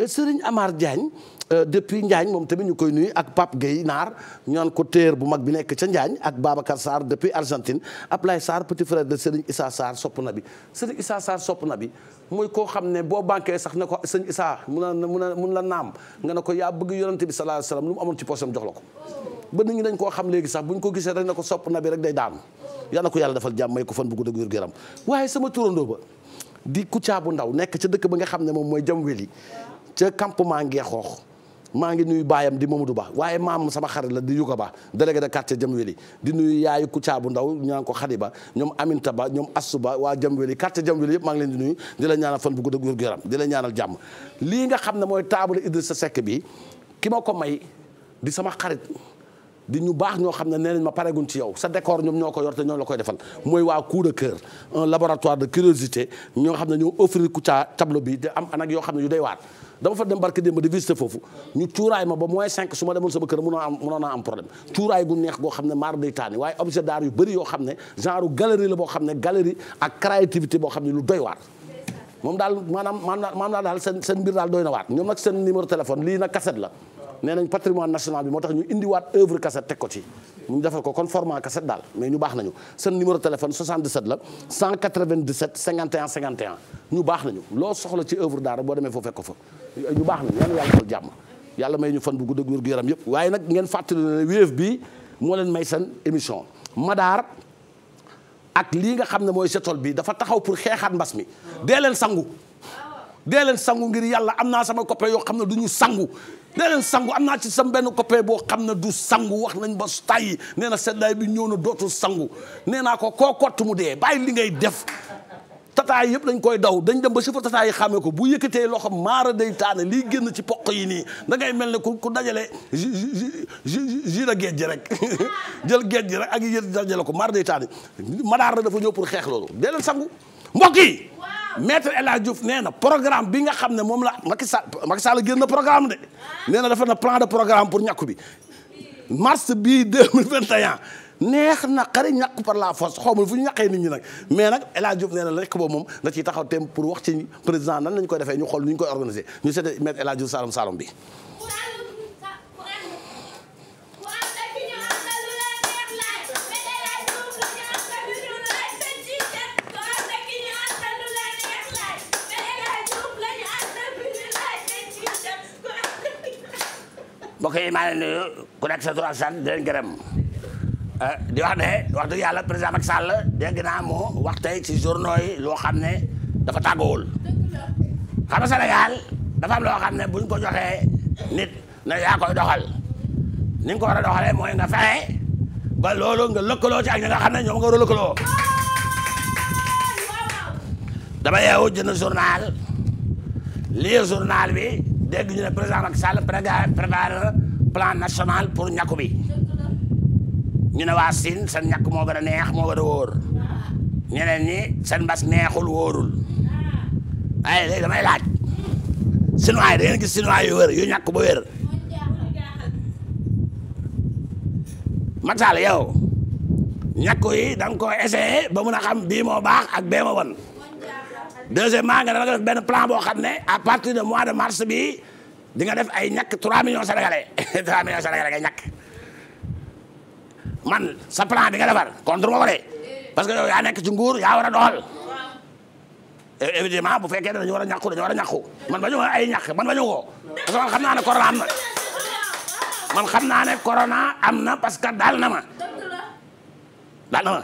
[SPEAKER 1] Serigne Amar Diagne Euh, depuis Njaañ moom tamit ñu koy nuyu ak Pape Gueye Naar ñaan ko téer bu mag bi nekk ca Njaañ ak Babacar saar depuis Argentine Ablaye Sarr petit frère de Serigne Issa Sarr sopp na bi Serigne Issa Sarr sopp na bi mooy koo xam ne boo banquee sax ne ko sëñ Issa mun a mun a mun la naam nga ne ko yaa bëgg yonante bi sallallahu alayhi wasallam lu mu amoon ci poosam jox la ko ba nit ñi dañ koo xam léegi sax bu ñu ko gisee rek ne ko sopp na bi rek day daanu yaa na ko yàlla defal jàmm ko fan bu gudd ak wér yaram waaye sama turandoo ba di Kouthia bu ndaw nekk ca dëkk ba nga xam ne moom mooy jam weli ca campement Ngeexoox maa ngi nuyu baayam di du Ba waaye maam sama xarit la di Yuka Ba délégué de quartier Jamweli di nuyu yaayu Kouthia bu ndaw ñaan ko Khady Ba ñoom Aminta Ba ñoom Assou Ba waa Jamweli quartier Jamweli yëpp maa ngi leen di nuyu di la ñaanal fan bu gudd ak wér gu yaram di jàmm lii nga xam ne mooy table Idrissa Seck bi ki ma ko may di sama xarit di ñu baax ñoo xam ne nee nañ ma pareeguñ ci yow sa décor ñoom ñoo ko yor te ñoom la koy defal mooy waa coup de cœur un laboratoire de curiosité ñoo xam ne ñoo offrir Kouthia tableau bi di am anak yoo xam ne yu day waat dama fa dem barke démb di visité foofu ñu cuuraay ma ba moins cinq su ma demoon sama kër mënoo am mënoo naa am problème cuuraay gu neex goo xam ne maar day taani waaye objet d'art yu bëri yoo xam ne genre galerie la boo xam ne galerie a créativité boo xam ne lu doy waar moom daal maanaam maanaam daal seen seen mbir daal doy na waar ñoom nag seen numéro téléphone lii nag cassette la nee nañ patrimoine national bi moo tax ñu indiwaat œuvre cassette teg ko ci ñu defal ko kon format cassette daal mais ñu baax nañu seen numéro téléphone 77 la 197 51 51 ñu baax nañu loo soxla ci œuvre daara boo demee foofu fekk ko fa ñu baax nañu yàlla yàlla defal jàmm yàlla may ñu fan bu gudd ak wér gu yaram yëpp waaye nag ngeen fàttali ne wéef bi moo leen may seen émission madaar ak lii nga xam ne mooy setol bi dafa taxaw pour xeexaat mbas mi dee leen sangu dee leen sangu ngir yàlla am naa sama copain yoo xam ne du sangu nee leen sangu am naa ci sam benn copain boo xam ne du sangu wax nañ ba tay nee na seddaay bi ñëw na dootu sangu nee naa ko koo kott mu dee bàyyi li ngay def tataay yëpp dañ koy daw dañ dem ba si fa tataay yi xamee ko bu yëkkatee loxo maara day taane liy génn ci poq yi nii da ngay mel ne ku ku dajale jira géej ji rek jël géej rek ak yër dajale ko maara day taane madaar dafa ñëw pour xeex loolu dee leen sangu mbokk maître El Hadj Diouf nee na programme bi nga xam ne moom la Macky Sall Macky Sall génn na programme de nee na dafa na plan de programme pour ñàkku bi mars bii 2021 neex na xari ñàkk par la force xawma fu ñu ñàkkee nit ñi nag mais nag El Hadj Diouf nee na rek boobu moom da ciy taxaw tem pour wax ci président nan lañu koy defee ñu xool nu ñu koy organiser ñu seete maître El Hadj Diouf Saloum Saloum bi
[SPEAKER 4] mbokk yi maa leen nuyu ku eh, wax ne wax dëgg yàlla président Macky Sall dégg wax tey ci journaux yi loo xam ne dafa tàggoowul xam nga dafa am loo xam ne buñ ko joxee nit na yaa koy doxal ni ko war a doxalee mooy nga fexe ba loolu nga lëkkaloo ci ak ñi nga xam ne ñoom nga war a lëkkaloo dama yeewu jënd journal lii journal bi dégg ñu ne président Macky Sall préparé plan national pour ñàkk bi ñu ne waa Sine seen ñàkk moo gën a neex moo gën a wóor ñeneen ñi seen mbas neexul wóorul waaye léegi damay laaj Sinoa yi da gis Sinoa yu wér yu ñàkk ba wér Macky yow ñàkk yi da nga ko ba mun a xam bii moo baax ak bee ma bon deuxièmement nga def benn plan boo xam ne à partir de mois de mars bi di nga def ay ñàkk 3 millions sénégalais 3 millions sénégalais ngay ñàkk man sa plan bi nga defar contre ma ko parce que yow yaa nekk ci yaa war a doxal évidemment bu fekkee dañu war a ñàkku dañu war a ñàkku man bañu ay ñàkk man bañu ko parce que man xam naa ne corona am na man xam naa ne corona am na parce que daal na ma na ma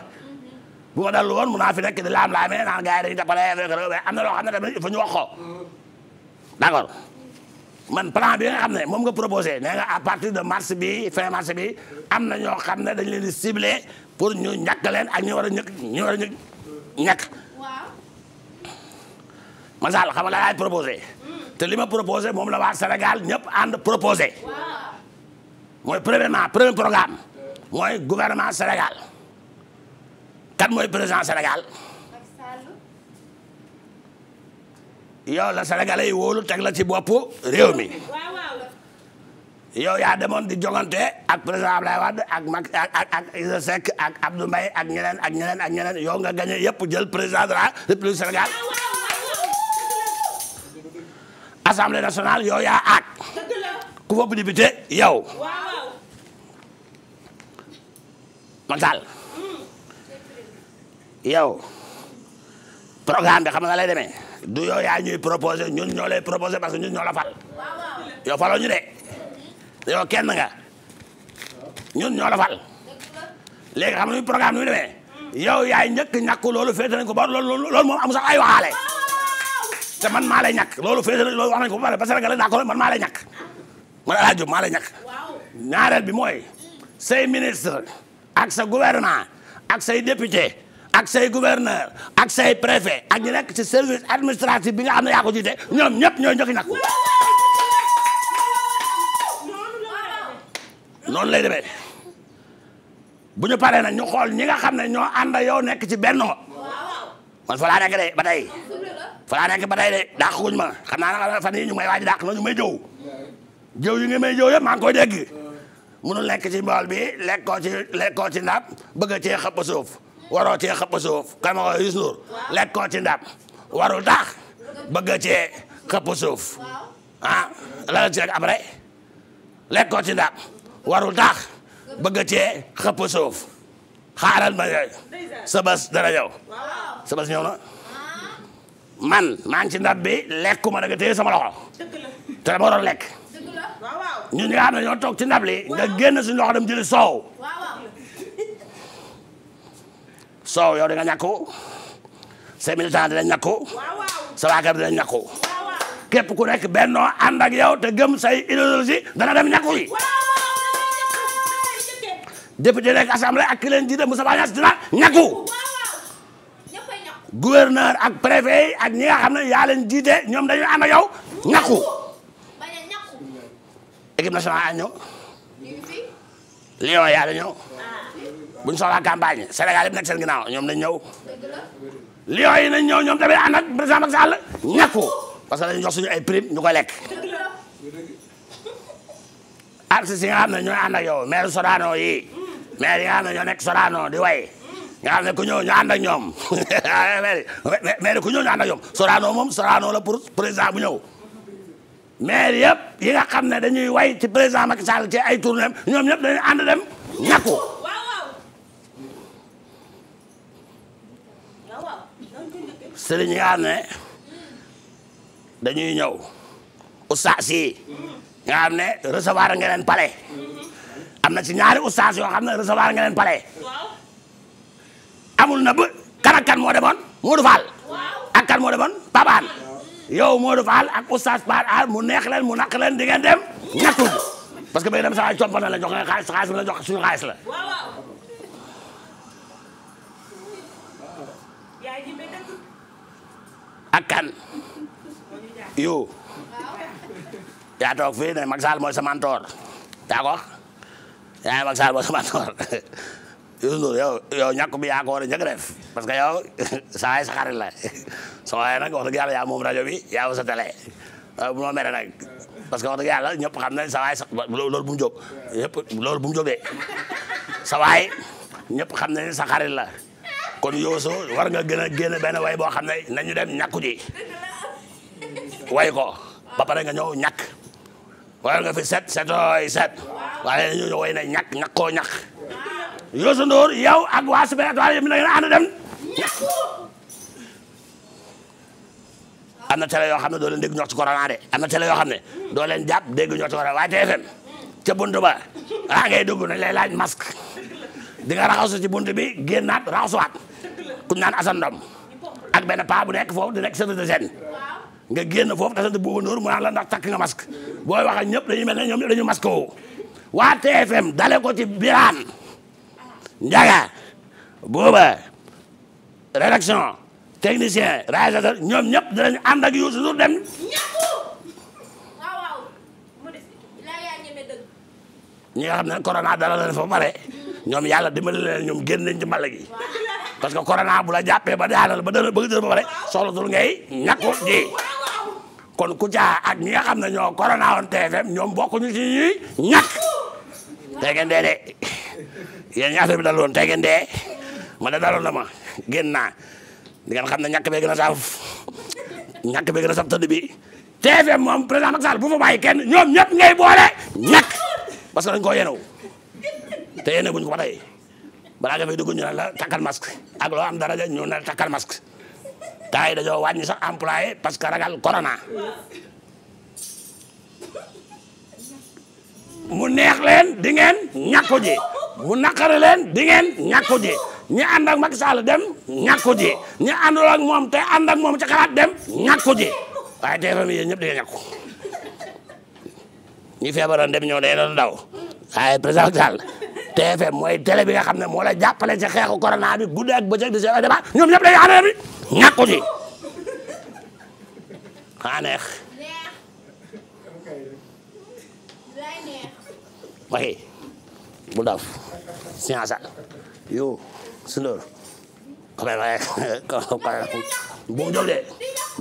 [SPEAKER 4] bu ko dalul woon mun naa fi nekk di laam laamee naan gars yi dañuy jàppale am na loo xam ne tamit il faut ñu wax ko d'accord man plan bi nga xam ne moom nga proposé nee nga à partir de mars bi fin mars bi am na ñoo xam ne dañ leen di ciblé pour ñu ñàkk leen ak ñu war a ñëkk ñu war a ñëkk ñàkk. proposé hmm. te li ma proposé moom la waa Sénégal ñëpp ànd proposé mooy premièrement premier programme hmm. mooy gouvernement Sénégal. kan mooy président Sénégal yow la sénégalais yi wóolu teg la ci bopp réew mi yow yaa demoon di jongante ak président Ablaye Wade ak Macky ak ak ak Idrissa ak Abdou ak ñeneen yow nga gagné yëpp jël président de la République Sénégal
[SPEAKER 3] assemblée nationale yow yaa aak
[SPEAKER 4] ku fopp député yow Macky Sall yow programme bi xam nga lay demee du yow yaa ñuy proposé ñun ñoo lay proposé parce que ñun ñoo fal yow faloo ñu de yow kenn nga ñun ñoo la fal léegi xam nga programme bi mu demee yow yaay njëkk ñàkk loolu féete nañ ko ba loolu loolu moom amu sax ay waxaale te man maa lay ñàkk loolu féete nañ loolu wax nañ ko ba pare parce que nga man maa ñak ñàkk man El Hadj Diop ñaareel bi mooy say ministre ak sa gouvernement ak say député. ak say gouverneur ak say préfet ak ñi nekk ci service administratif bi nga xam ne yaa ko jiite ñoom ñëpp ñoo njëkk ñàkk noonu lay demee bu ñu paree nag ñu xool ñi nga xam ne ñoo ànd ak yow nekk ci benn man fa de ba tey fa ba tey de dàq guñ ma xam naa ne fan yii ñu may waaj dàq na ñu may jëw jëw yi nga may jëw yëpp maa ngi koy dégg mënul nekk ci mbool bi lekkoo ci lekkoo ci ndab bëgg cee xëpp suuf waroo cee xëpp suuf kama ko Youssou Ndour lekkoo ci ndab warul tax bëgg cee xëpp suuf ah la ci après lekkoo ci ndab warul tax bëgg cee xëpp suuf xaaral ma yooyu sa bés dana ñëw na man maa ngi ci ndab bi lekku ma nga téye sama loxo te dama waroon lekk ñu ñi nga xam ne ñoo toog ci ndab li nga génn suñu loxo dem jëli soow soow yow danga ñàkku ses militants sa waa kër ñàkku képp ku nekk bennoo ànd ak yow te gëm say idéologie dana dem ñàkku député nekk assemblée ak ki jiite Moustapha Niasse dina ñàkku gouverneur ak préfet yi ak ñi nga xam jiite ñoom dañuy ànd ak yow ñàkku équipe nationale a ñëw Lion yaa bu ñu soxlaa campagne Sénégal yëpp nekk seen ginnaaw ñoom dañ ñëw lion yi nañ ñëw ñoom tamit ànd ak président Macky Sall ñàkku parce que dañu jox suñu ay prime ñu koy lekk artistes yi nga xam ne ñooy ànd ak yow maire Sorano yi yi nga xam ne nekk Sorano di way nga xam ne ku ñëw ñu ànd ñoom maire ku ñëw ñu la pour président bu ñëw maire yëpp yi nga xam ne dañuy way ci président Macky Sall ci ay tournée ñoom ñëpp dañuy ànd dem sëriñ yi nga xam ne dañuy ñëw ustaas yi nga xam ne recevoir nga leen am na ci ñaari ustaas yoo xam ne recevoir nga leen palais na ba kan kan moo demoon Modou Fall ak kan moo demoon Babaan yow Modou Fall ak ustaas Babaan mu neex leen mu naq leen di ngeen dem ñàkkul parce que bay dem saa yi compana la jox nga xaalis xaalis bi la jox suñu xaalis la. kan yow yaa toog fii ne Macky Sall mooy sa mentor yaa ko yaa Macky Sall mooy sa mentor Youssou Ndour yow yow bi yaa ko war a njëkk def parce que yow saa waay sa xarit la soo waay nag wax dëgg yaa moom rajo bi yaa ko sa télé bu ma mere nag parce que wax dëgg yàlla ñëpp xam nañ sa waay sa loolu sa waay xam nañ la. kon yooso war nga gën a génn benn way boo xam ne nañu dem ñàkku ji way ko ba nga ñëw ñàkk war nga fi set setooy set waaye ñu ñëw way na ñàkk ñàkkoo ñàkk yooso Ndour yow ak waa Super Étoile yëpp da ngeen a dem am na télé yoo xam ne doo leen dégg ñoo ci corona de am na télé yoo xam ne doo leen jàpp ñoo ci corona ca buntu ba ah ngay dugg nañ lay laaj masque di nga raxasu ci buntu bi génnaat raxasuwaat kuñ naan Assane ak benn paa bu nekk foofu di nekk chef de scène nga génn foofu te sant boobu noonu mu naan la ndax takk nga masque booy wax ak ñëpp dañuy mel ne ñoom ñëpp dañu masque woo waa TFM dale ko ci Birane Ndiaga booba rédaction technicien réalisateur ñoom ñëpp dinañ ànd ak Youssou Ndour dem ñi nga xam corona dara leen fa pare ñoom yàlla dimbali leen ñoom génn nañ ci mbala gi parce que corona bu la jàppee ba daanal ba dana bëgg dër ba pare soxlatul ngay ñàkku ji kon Kouthia ak ñi nga xam ñoo corona woon TFM ñoom bokkuñu ci ñuy ñàkk tey ngeen de yéen ñi bi daloon tey ngeen ma da daloon na ma génn naa di ngeen xam ne ñàkk bee gën a saaf ñàkk bee gën a saaf tëdd bi moom président Macky bu fa bàyyi kenn ñoom ñëpp ngay boole ñàkk parce que dañ koo yenew te yéene guñ ko ba tey balaa nga fay la takkal masque ak loo am daraja ñu ne la takkal masque gars yi dañoo wàññi sax employé parce que ragal corona. mu neex leen di ngeen ñàkko ji mu naqare leen di ngeen ñi ànd ak dem ñàkko ñi àndul moom te ànd ak moom ci xalaat dem ñàkko ji waaye TFM yéen ñëpp di ngeen ñi feebaroon dem ñoo day doon daw waaye président Sall TFM mooy télé bi nga xam ne moo la jàppale ci xeexu corona bi guddi ak bëccëg di seen débat ñoom ñëpp dañuy affaire bi ñàkku ci neex waxi bu daf science ak yow su loolu comme bu mu jóg de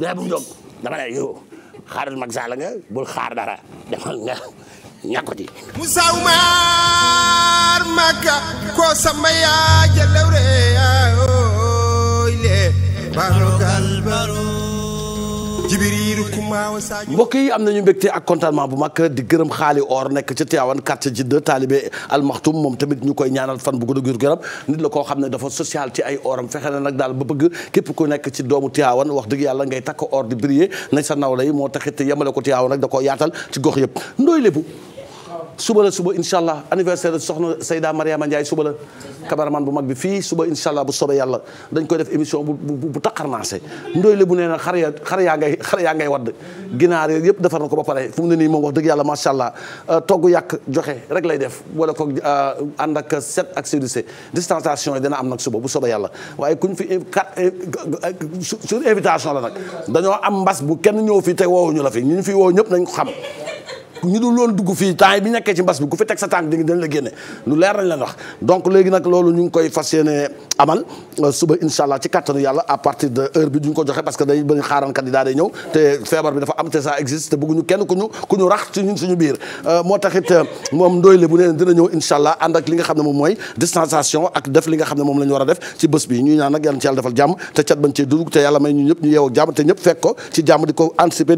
[SPEAKER 4] dee bu mu jóg dama ne mag Sall nga bul xaar dara demal
[SPEAKER 3] nga
[SPEAKER 1] ñakkoti Moussa Oumar Maka ko samba ya
[SPEAKER 2] jalawre ya oyle barogal baro
[SPEAKER 1] mbokk yi am nañu mbekk ak contentement bu mag di gërëm xaali or nekk ca Tivaouane quartier ji de Talibé Almakhtoum moom tamit ñu koy ñaanal fan bugg gudd ak yaram nit la koo xam ne dafa social ci ay oram fexe na nag daal ba bëgg képp ku nekk ci doomu Tivaouane wax dëgg yàlla ngay takk or di briller nañ sa nawle yi moo taxit yemale ko Tivaouane rek da koo yaatal ci gox yëpp ndooy lébu suba la suba incha allah anniversaire soxna Seyda Mariama Ndiaye suba la cameraman bu mag bi fii suba incha allah bu soobee yàlla dañ koy def émission bu bu bu taqarnaase ndooy bu nee na xar ya xar yaa ngay xar yaa ngay wadd ginaar yooyu yëpp defar na ko ba pare fu mu ne nii moo wax dëgg yàlla macha allah euh, togg yàq joxe rek lay def wala ko euh, ànd ak set ak séducé distanciation yi dina am nag suba bu soobee yàlla waaye kuñ fi kat sur invitation la nag dañoo am mbas bu kenn ñëw fi te woowuñu la fi ñu fi woo ñëpp nañ ko xam ñu dul loon dugg fii temps bi nekkee ci mbas bi ku fi teg sa tànk di dañ la génne lu leer lañ leen donc léegi nag loolu ñu ngi koy fas yéene amal euh, suba incha allah ci kattanu yàlla à partir de heure bi duñ ko joxe parce que day bëri xaaran candidat day ñëw te feebar bi dafa am te ça existe te kenn ku ñu rax ci ñun biir euh, moo taxit euh, moom ndoyle bu nee dina ñëw incha ànd ak li nga xam ne moom mooy distanciation ak def li nga xam ne moom la ñu a def ci bés bi ñuy ñaan nag yàlla ci yàlla defal jàmm te cat bañ cee dugg te yàlla may ñu ñëpp ñu yeewoo jàmm te ñëpp fekk ko ci jàmm di ko anticiper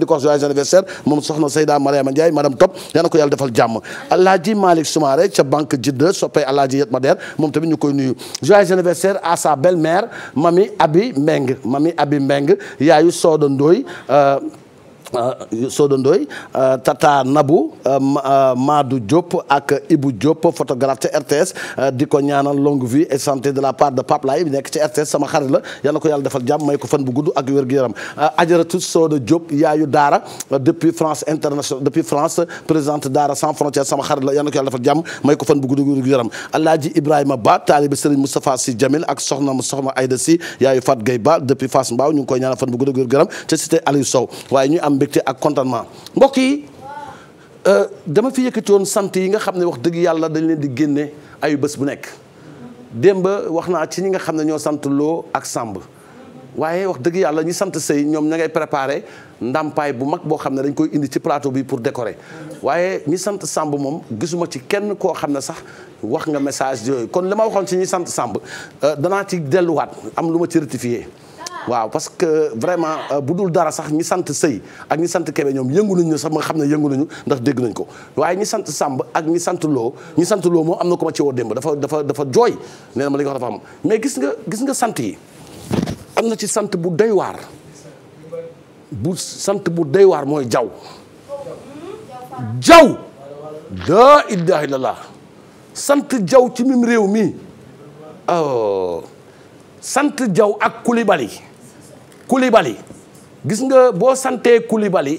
[SPEAKER 1] anniversaire à sa belle-mère Mami Abi Mbeng Mami Abi Mbeng yaayu Sooda Ndoy euh, Euh, Sodo Ndoye euh, Tata nabu euh, Madou Diop ak Ibou Diop photographe ca RTS di ko ñaanal longue vie et santé de la part de Pape Laye nekk ci RTS sama xarit la yàlla ko yàlla defal jàmm may ko fan bu gudd ak wér-gu-yaram Ajaratu Sodo Diop yaayu Daara depuis France internationale depuis France présidente Daara sans frontières sama xarit la yàlla ko may ko fan bu gudd ak wér-gu-yaram Alaaji Ibrahima Ba taalibe Serigne Moustapha Sy Jamil ak soxna soxna Aïda Sy yaayu Fat gay Ba depuis Fass Mbao ñu ngi koy ñaanal fan bu gudd ak wér-gu-yaram ca cité Aliou Sow waaye ñu am mbégte ak contentement mbokk yi euh, dama fi yëkkati sant yi nga xam ne wax dëgg yàlla dañ leen di génne ayu bés bu nekk démb wax naa ci ñi nga xam ne ñoo sant loo ak sàmb waaye wax dëgg yàlla ñi sant sëy ñoom ña ngay préparé bu mag boo xam ne dañ koy indi ci plateau bi pour décorer waaye ñi sant sàmb moom gisuma ci kenn koo xam ne sax wax nga message yooyu kon li ma waxoon ci ñi sant sàmb euh, danaa ci delluwaat am lu ma ci rectifié waaw parce que vraiment euh, bu dul dara sax ñi sant sëy ak ñi sant kebe ñoom yëngu nañu sax ma xam ne yëngu nañu ndax dégg nañ ko waaye ñi sant sàmb ak ñi sant loo ñi sant loo moom am na ko ma ci woo démb dafa dafa dafa jooy nee na ma li nga dafa am mais gis nga gis nga sant yi am na ci sant bu doy waar bu sant bu doy waar mooy jaw jaw laa ilaaha illallaah sant jaw ci mim réew mi oh. sant jaw ak kulibali Koulibaly gis nga boo santee Koulibaly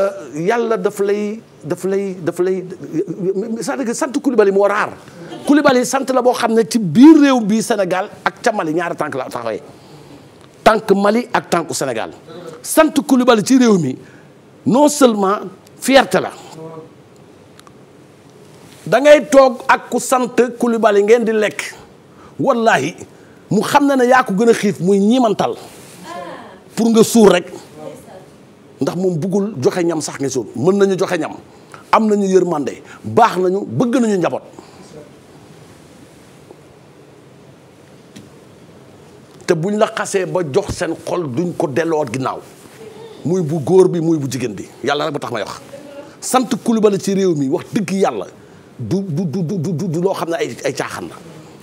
[SPEAKER 1] euh, yàlla daf lay daf lay daf lay cest sant Koulibaly moo raar Koulibaly sant la boo xam ne ci biir réew bii Sénégal ak ca Mali ñaari tànk la taxawee tànk Mali ak tànku Sénégal sant Koulibaly ci réew mi non seulement fierté la dangay toog ak ku sant Koulibaly ngeen di lekk wallahi mu xam na ne yaa ko gën a xiif muy ñimantal pour nga suur rek ndax moom buggul joxe ñam sax nga suur mën nañu joxe ñam am nañu yërmande baax nañu bëgg nañu njaboot te buñ la xasee ba jox seen xol duñ ko delloo ginnaaw muy bu góor bi muy bu jigéen bi yàlla rek bu tax may wax sant Coulibaly ci réew mi wax dëgg yàlla du du du du du loo xam ne ay ay caaxaan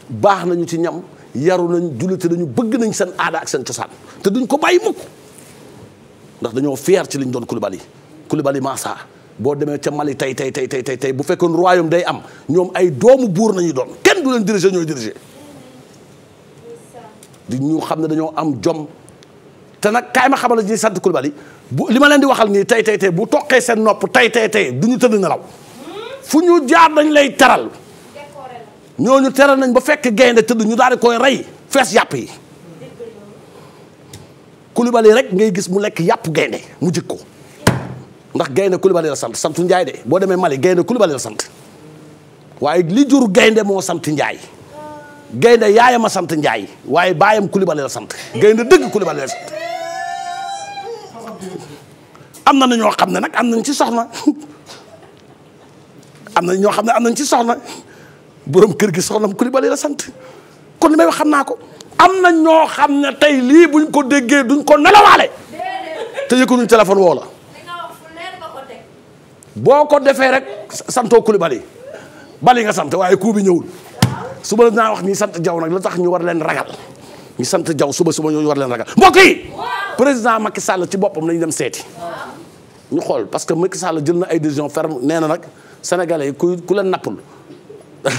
[SPEAKER 1] baax nañu ci ñam yaru nañ jullite dañu bëgg nañ seen aada ak seen cosaan te duñ ko bàyyi mukk ndax dañoo fier ci liñ doon Koulibaly Koulibaly Massa boo demee ca Mali tey tey tey tey tey tey bu fekkoon day am ñoom ay doomu buur nañu doon kenn du leen diriger ñooy diriger di xam ne dañoo am jom te nag kaay ma xamal la ñuy sant Koulibaly bu li ma leen di waxal nii tey tey tey bu toqee seen nopp tey tey tey du ñu tëdd nelaw fu ñu jaar dañ lay taral ñooñu teral nañ ba fekk gaynde tëdd ñu daal di koy rey fees yàpp yi Koulibaly rek ngay gis mu lekk yàpp gaynde mu jik ko ndax gaynde Koulibaly la sant santu Njaay de boo demee Mali gaynde Koulibaly la sant waaye li jur gaynde moo sant Njaay gaynde yaayam a sant Njaay waaye baayam Koulibaly la sant gaynde dëgg Koulibaly la sant am na na ñoo xam ne nag am nañ ci soxna am na ñoo xam ne am nañ ci soxna borom kër gi soxna Coulibaly la sant kon li may wax xam naa ko am na ñoo xam ne tey lii buñ ko déggee duñ ko nelawaale te yëkkuñu téléphone woo la boo ko defee rek santoo Coulibaly bali nga sant waaye kuu bi ñëwul suba la naa wax ñi sant jaw nag la tax ñu war leen ragal ñu sant jaw suba suba ñoo ñu war leen ragal mbokk président Macky Sall ci boppam nañu dem seeti ñu xool parce que Macky Sall jël na ay décision ferme nee na nag sénégalais yi ku ku leen nappul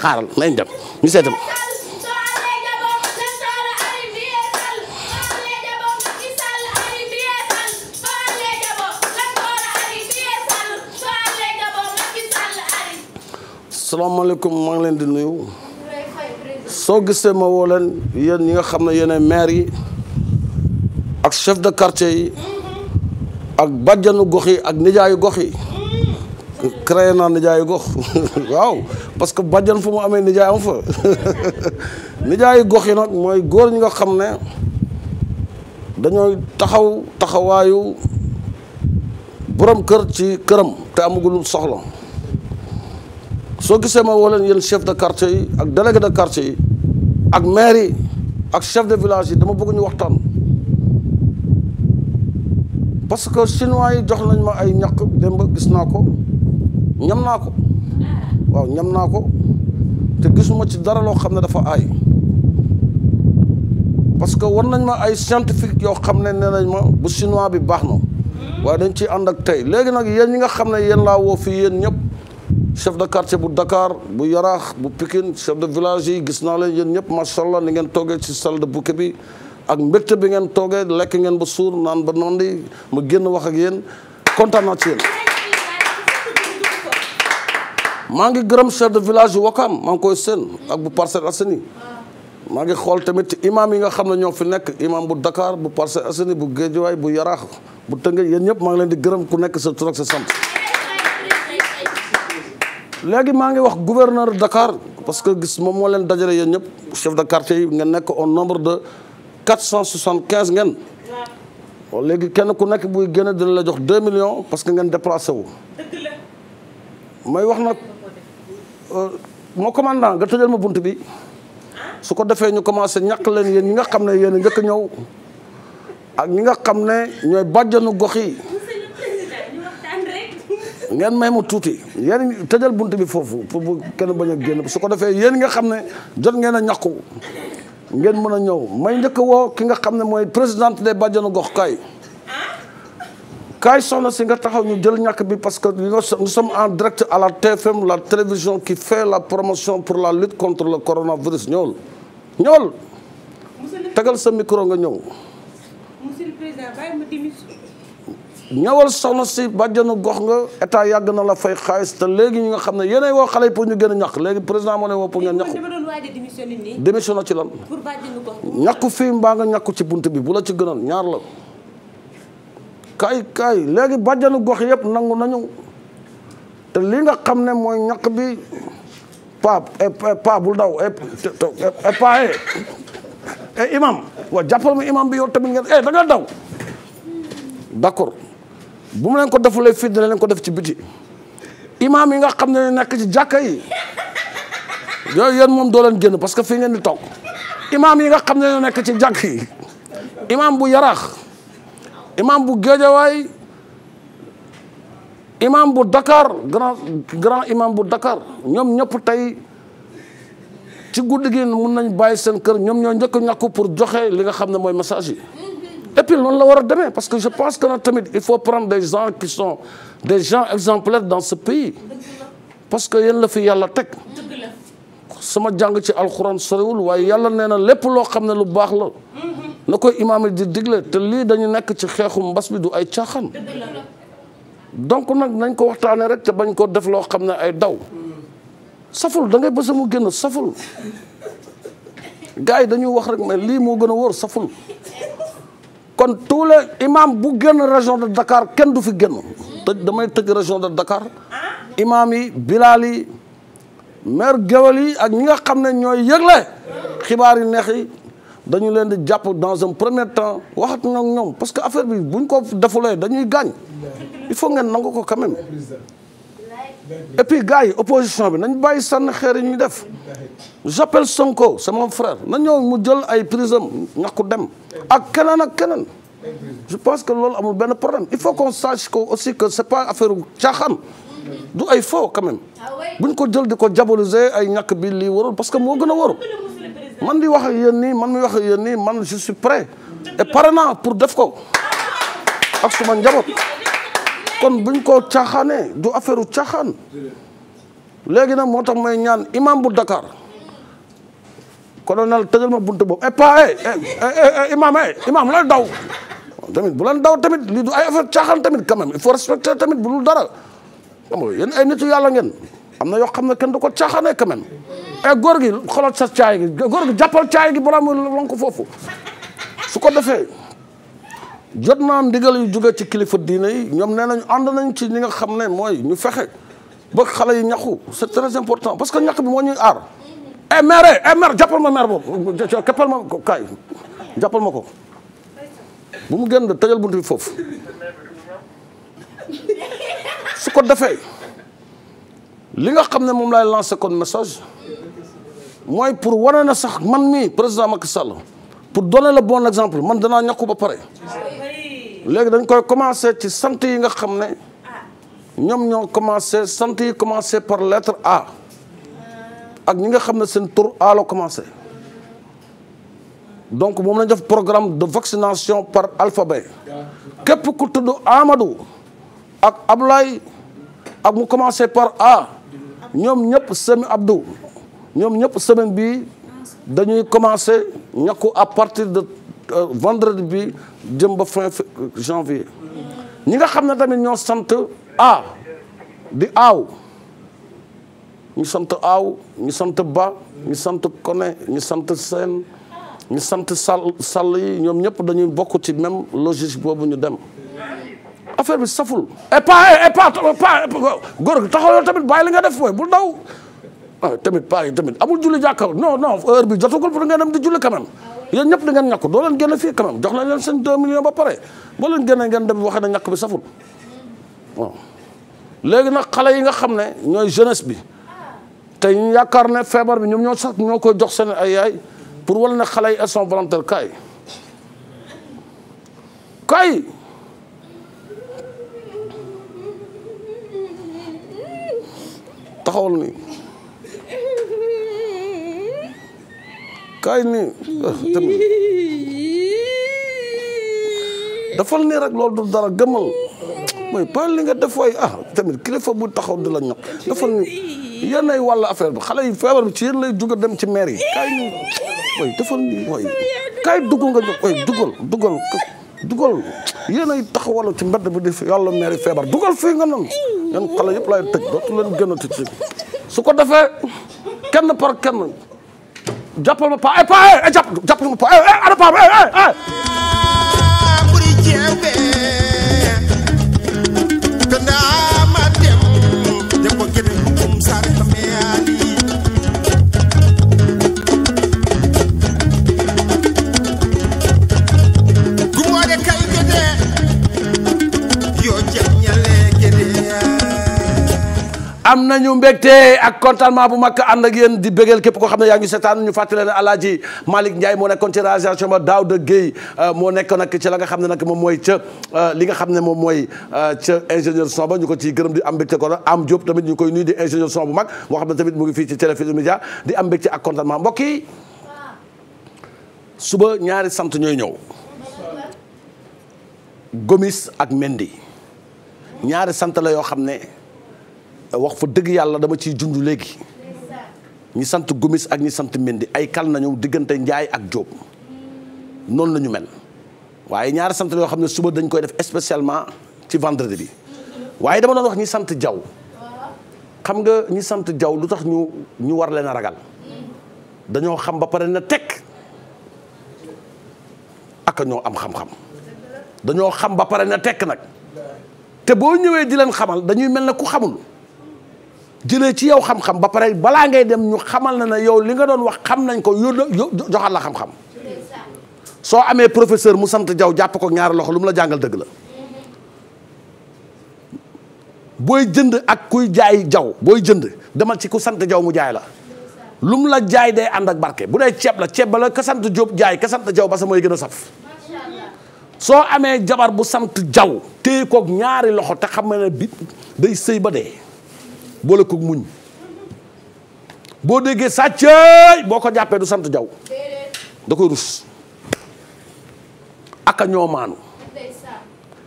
[SPEAKER 1] xaaral lañ dem ñu seetam salaamaaleykum maa ngi leen di nuyu soo gisee ma woo leen yéen ñi nga xam ne yéen maire yi ak chef de quartier yi ak bàjjanu gox yi ak nijaayu gox yi créé naa nijaayu gox waaw parce que bàjjan fu mu amee nijaay am fa nijaayu gox yi nag mooy góor ñi nga xam ne dañooy taxaw taxawaayu boroom kër ci këram te amagul soxla soo gisee ma woo leen chef de quartier yi ak délégué de quartier ak maire ak chef de village yi dama bëgg ñu waxtaan parce que chinois yi jox nañ ma ay ñaq démb gis naa ko ñam naa ko waaw ñam naa ko te gisuma ci dara loo xam ne dafa aay parce que war nañ ma ay scientifique yoo xam ne nee nañ ma bu chinois bi baax na waaye dañ ci ànd ak tey léegi nag yéen ñi nga xam ne yéen laa woo fii yéen ñëpp chef de quartier bu Dakar bu Yaraax bu Pikine chef de village yi gis naa leen yéen ñëpp macha allah ni ngeen toogee ci salle de bouquet bi ak mbégte bi ngeen toogee lekk ngeen ba suur naan ba nondi ma génn wax ak yéen kontaan ci yéen. maa ngi gërëm chef de village yu Wakaam maa ngi koy seen ak bu Parcelles Assainies maa ngi xool tamit imam yi nga xam ne ñoo fi nekk imam bu dakaar bu Parcelles Assainies bu Guédiawaye bu Yaraax bu Tëngéej yéen ñëpp maa ngi leen di gërëm ku nekk sa tur ak sa sant léegi maa ngi wax gouverneur dakaar parce que gis moom moo leen dajale yéen ñëpp chef de quartier yi nga nekk au nombre de 475 ngeen léegi kenn ku nekk buy génne dina la jox 2 millions parce que ngeen déplacé wu wax Euh, moo commandant nga tëjal ma bunt bi su ko defee ñu commencé ñàkk leen yéen ñi nga xam ne yéen a njëkk ak ñi nga xam ne ñooy bàjjanu gox yi ngeen may ma tuuti yéen tëjal bunt bi foofu pour kenn bañ a génn su ko defee yéen nga xam ne jot ngeen a ñàkku ngeen mën a ñëw may njëkk woo ki nga xam ne mooy présidente des bàjjanu gox kaay kaay soxna si nga taxaw ñu jël ñàkk bi parce que nous sommes en direct à la TFM la télévision qui fait la promotion pour la lutte contre le coronavirus ñëwul ñëwul tegal sa micro nga ñëw
[SPEAKER 2] monsieur le président bàyyi
[SPEAKER 1] ma ñëwal soxna si bàjjanu gox nga état yàgg na la fay xaalis te léegi ñu nga xam ne yéenay woo xale yi pour ñu gën a léegi président moo ne woo pour ngeen ñàkku
[SPEAKER 2] démission na ci lan
[SPEAKER 1] ñàkku fii mbaa nga ñàkku ci bunt bi bu la ci gënal ñaar la kay kay léegi bàjjanu gox yëpp nangu nañu te lii nga xam ne mooy ñàkk bi pa eh, eh, pa bul daw e pa e imam waa jàppal ma imam bi yow tamit ngeen e da nga daw d'accord bu mu leen ko defulee fii dina leen ko def ci biti imam yi nga xam ne nekk ci jàkka yi yooyu yéen moom doo leen génn parce que fi ngeen di toog imam yi nga xam ne nekk ci jàkk yi imam bu yaraax imam bu Géejawaay imam bu Dakar grand grand imam bu Dakar ñoom ñëpp tey ci guddi gi mun nañ bàyyi seen kër ñoom ñoo njëkk ñàkku pour joxe li nga xam ne mooy message yi mhm. et puis la war a demee parce que je pense que nag tamit il faut prendre des gens qui sont des gens exemplaires dans ce pays parce que yéen la fi yàlla teg sama jàng ci alxuraan soriwul waaye yàlla nee na lépp loo xam ne lu baax la mhm. na koy imaam yi di digle te lii dañu nekk ci xeexu mbas mi du ay caaxaan donc nag nañ ko waxtaanee rek te bañ ko def loo xam ne ay daw saful dangay ngay bësa mu génn saful gars yi dañuy wax rek mais lii moo gën a wóor saful kon tous les imam bu génn région de Dakar kenn du fi génn damay tëj région de Dakar imam yi bilaal yi maire yi ak ñi nga xam ne ñooy yëgle xibaar yi neex yi dañu leen di jàpp dans un premier temps waxat ñoom ñoom parce que affaire bi buñ ko defulee dañuy gaañ il faut ngeen nangu ko quand même et puis gars yi opposition bi nañu bàyyi sànni xeer yi ñuy def j'appelle Sonko c'est mon frère na ñëw mu jël ay prisam ñàkku dem ak keneen ak keneen je pense que loolu amul benn problème il faut qu'on sache que aussi que c'est pas affaire caaxaan du ay faux quand bu ah buñ ko jël di ko diaboliser ay ñàkk bi lii warul parce que moo gën a waru man di wax ak yéen nii man mi wax ak yéen nii man je suis prêt pare naa pour def ko ak suma njaboot kon buñ ko caaxaanee du affaire u caaxaan léegi nag moo tax may ñaan imam bu Dakar colonel tëjal ma buntu boobu et eh, pas eh, eh, imam imam lay daw tamit bu leen daw tamit lii du ay affaire caaxaan tamit quand même il faut respecter tamit bu dul dara xam nga ay nitu yàlla ngeen am na yoo xam ne kenn du ko caaxaanee quand e góor gi xoloot sa caay gi góor gi jàppal caay gi borom lon ko foofu su ko defee jot naa ndigal yu jóge ci kilifa diine yi ñoom nee nañu ànd nañ ci ñi nga xam ne mooy ñu fexe ba xale yi ñaxu c'est très important parce que ñax bi moo ñuy aar e maire e maire jàppal ma maire boobu keppal ma ko bu mu génn de bunt bi foofu su ko defee li nga xam ne moom laay lancé kon message mooy pour wane na sax man mii président Macky Sall pour donner le bon exemple man danaa ñàkku ba pare. léegi dañ koy commencé ci santé yi nga xam ne ñoom ñoo commencé sant yi commencé par lettre A ak ñi nga xam ne seen tur A la commencé donc moom lañ def programme de vaccination par alphabet képp ku tudd Amadou ak Ablaye ak mu commencé par A ñoom ñëpp Semi Abdou. ñoom ñëpp semaine bi dañuy commencer ñakku à partir de euh, vendredi bi jëm ba fin janvier ñi nga xam ne tamit ñoo sant a di aaw ñu sant aw ñu sant ba ñu sant kone ñu sant seen ñu sant sàll sàll yi ñoom ñëpp dañuy bokk ci même logique boobu ñu dem affaire bi saful et pas et pas góor taxaw yow tamit bàyyi li nga def mooy bu daw waaw ah, tamit paa yi tamit amul julli jàkkaarloo non non heure bi jotagul pour ngeen dem di julli quand même yéen ñëpp da ngeen ñàkk doo leen génne fii quand même jox la leen seen 2 millions ba pare boo leen génne dem waxee na ñàkk bi saful léegi nag xale yi nga xam ne ñooy jeunesse bi te yaakaar ne feebar bi ñoom ñoo sax ñoo koy jox seen ay yaay pour wal ne xale yi elles sont volontaires kaay kaay taxawal ni kaay nii dafal nii rek loolu du dara gëmal mooy pa li nga def waay ah tamit kilifa bu taxaw di la ñaq dafal ni yéen ay wàllu affaire bi xale yi feebar bi ci yéen lay jóge dem ci maire yi kaay nii mooy dafal nii mooy dugg nga ñëw mooy dugal dugal dugal yéen ay taxawal ci mbedd bi di yàlla maire yi feebar dugal fii nga noonu yéen xale yëpp lay tëj dootu leen gënati ci su ko defee kenn par kenn jàppal ma paa eh paa eh jàpp ma paa eh eh ana paa eh eh. eh, eh. am nañu mbégte ak contentement bu mag ànd ak yéen di bégal képp koo xam ne yaa ngi seetaan ñu fàttali ne Alaaji Malick Ndiaye moo nekkoon ci réalisation ba Daouda Gueye euh, moo nekk nag ci la nga xam ne nag moom mooy ca euh, li nga xam ne moom mooy euh, ca ingénieur son ba ñu ko ciy gërëm di am mbégte ko am Diop tamit ñu koy nuyu di ingénieur son bu mag moo xam ne tamit mu ngi fii ci Télé Futurs Médias di am mbégte ak contentement mbokk suba ñaari sant ñooy ñëw Gomis ak Mendy ñaari sant la yoo xam ne wax fa dëgg yàlla dama ciy junj léegi ñi sant Gomis ak ñi sant Mendy ay kal nañu diggante Njaay ak Jóob noonu la ñu mel waaye ñaari sant yoo xam ne suba dañ koy def spécialement ci vendredi bi waaye dama doon wax ñi sant Jaw xam nga ñi sant Jaw lu tax ñu ñu war leen a ragal dañoo xam ba pare na tekk ak ñoo am xam-xam dañoo xam ba pare na tekk nag te boo ñëwee di leen xamal dañuy mel ne ku xamul jëlee ci yow xam-xam ba pare balaa ngay dem ñu xamal na ne yow li nga doon wax xam nañ ko yo joxal la xam-xam soo amee professeur mu sant jaw jàpp ko ñaari loxo lu mu la jàngal dëgg la booy jënd ak kuy jaay jaw booy jënd demal ci ku sant jaw mu jaay la lu la jaay day ànd ak barke bu dee ceeb la ceeb ba la ka jaay ka jaw ba sa mooy gën a saf soo amee jabar bu sant jaw téye koog ñaari loxo te xam ne bi day sëy ba dee boole ko muñ boo déggee sàcceey boo ko jàppee du sant jaw da koy rus ak ñoo maanu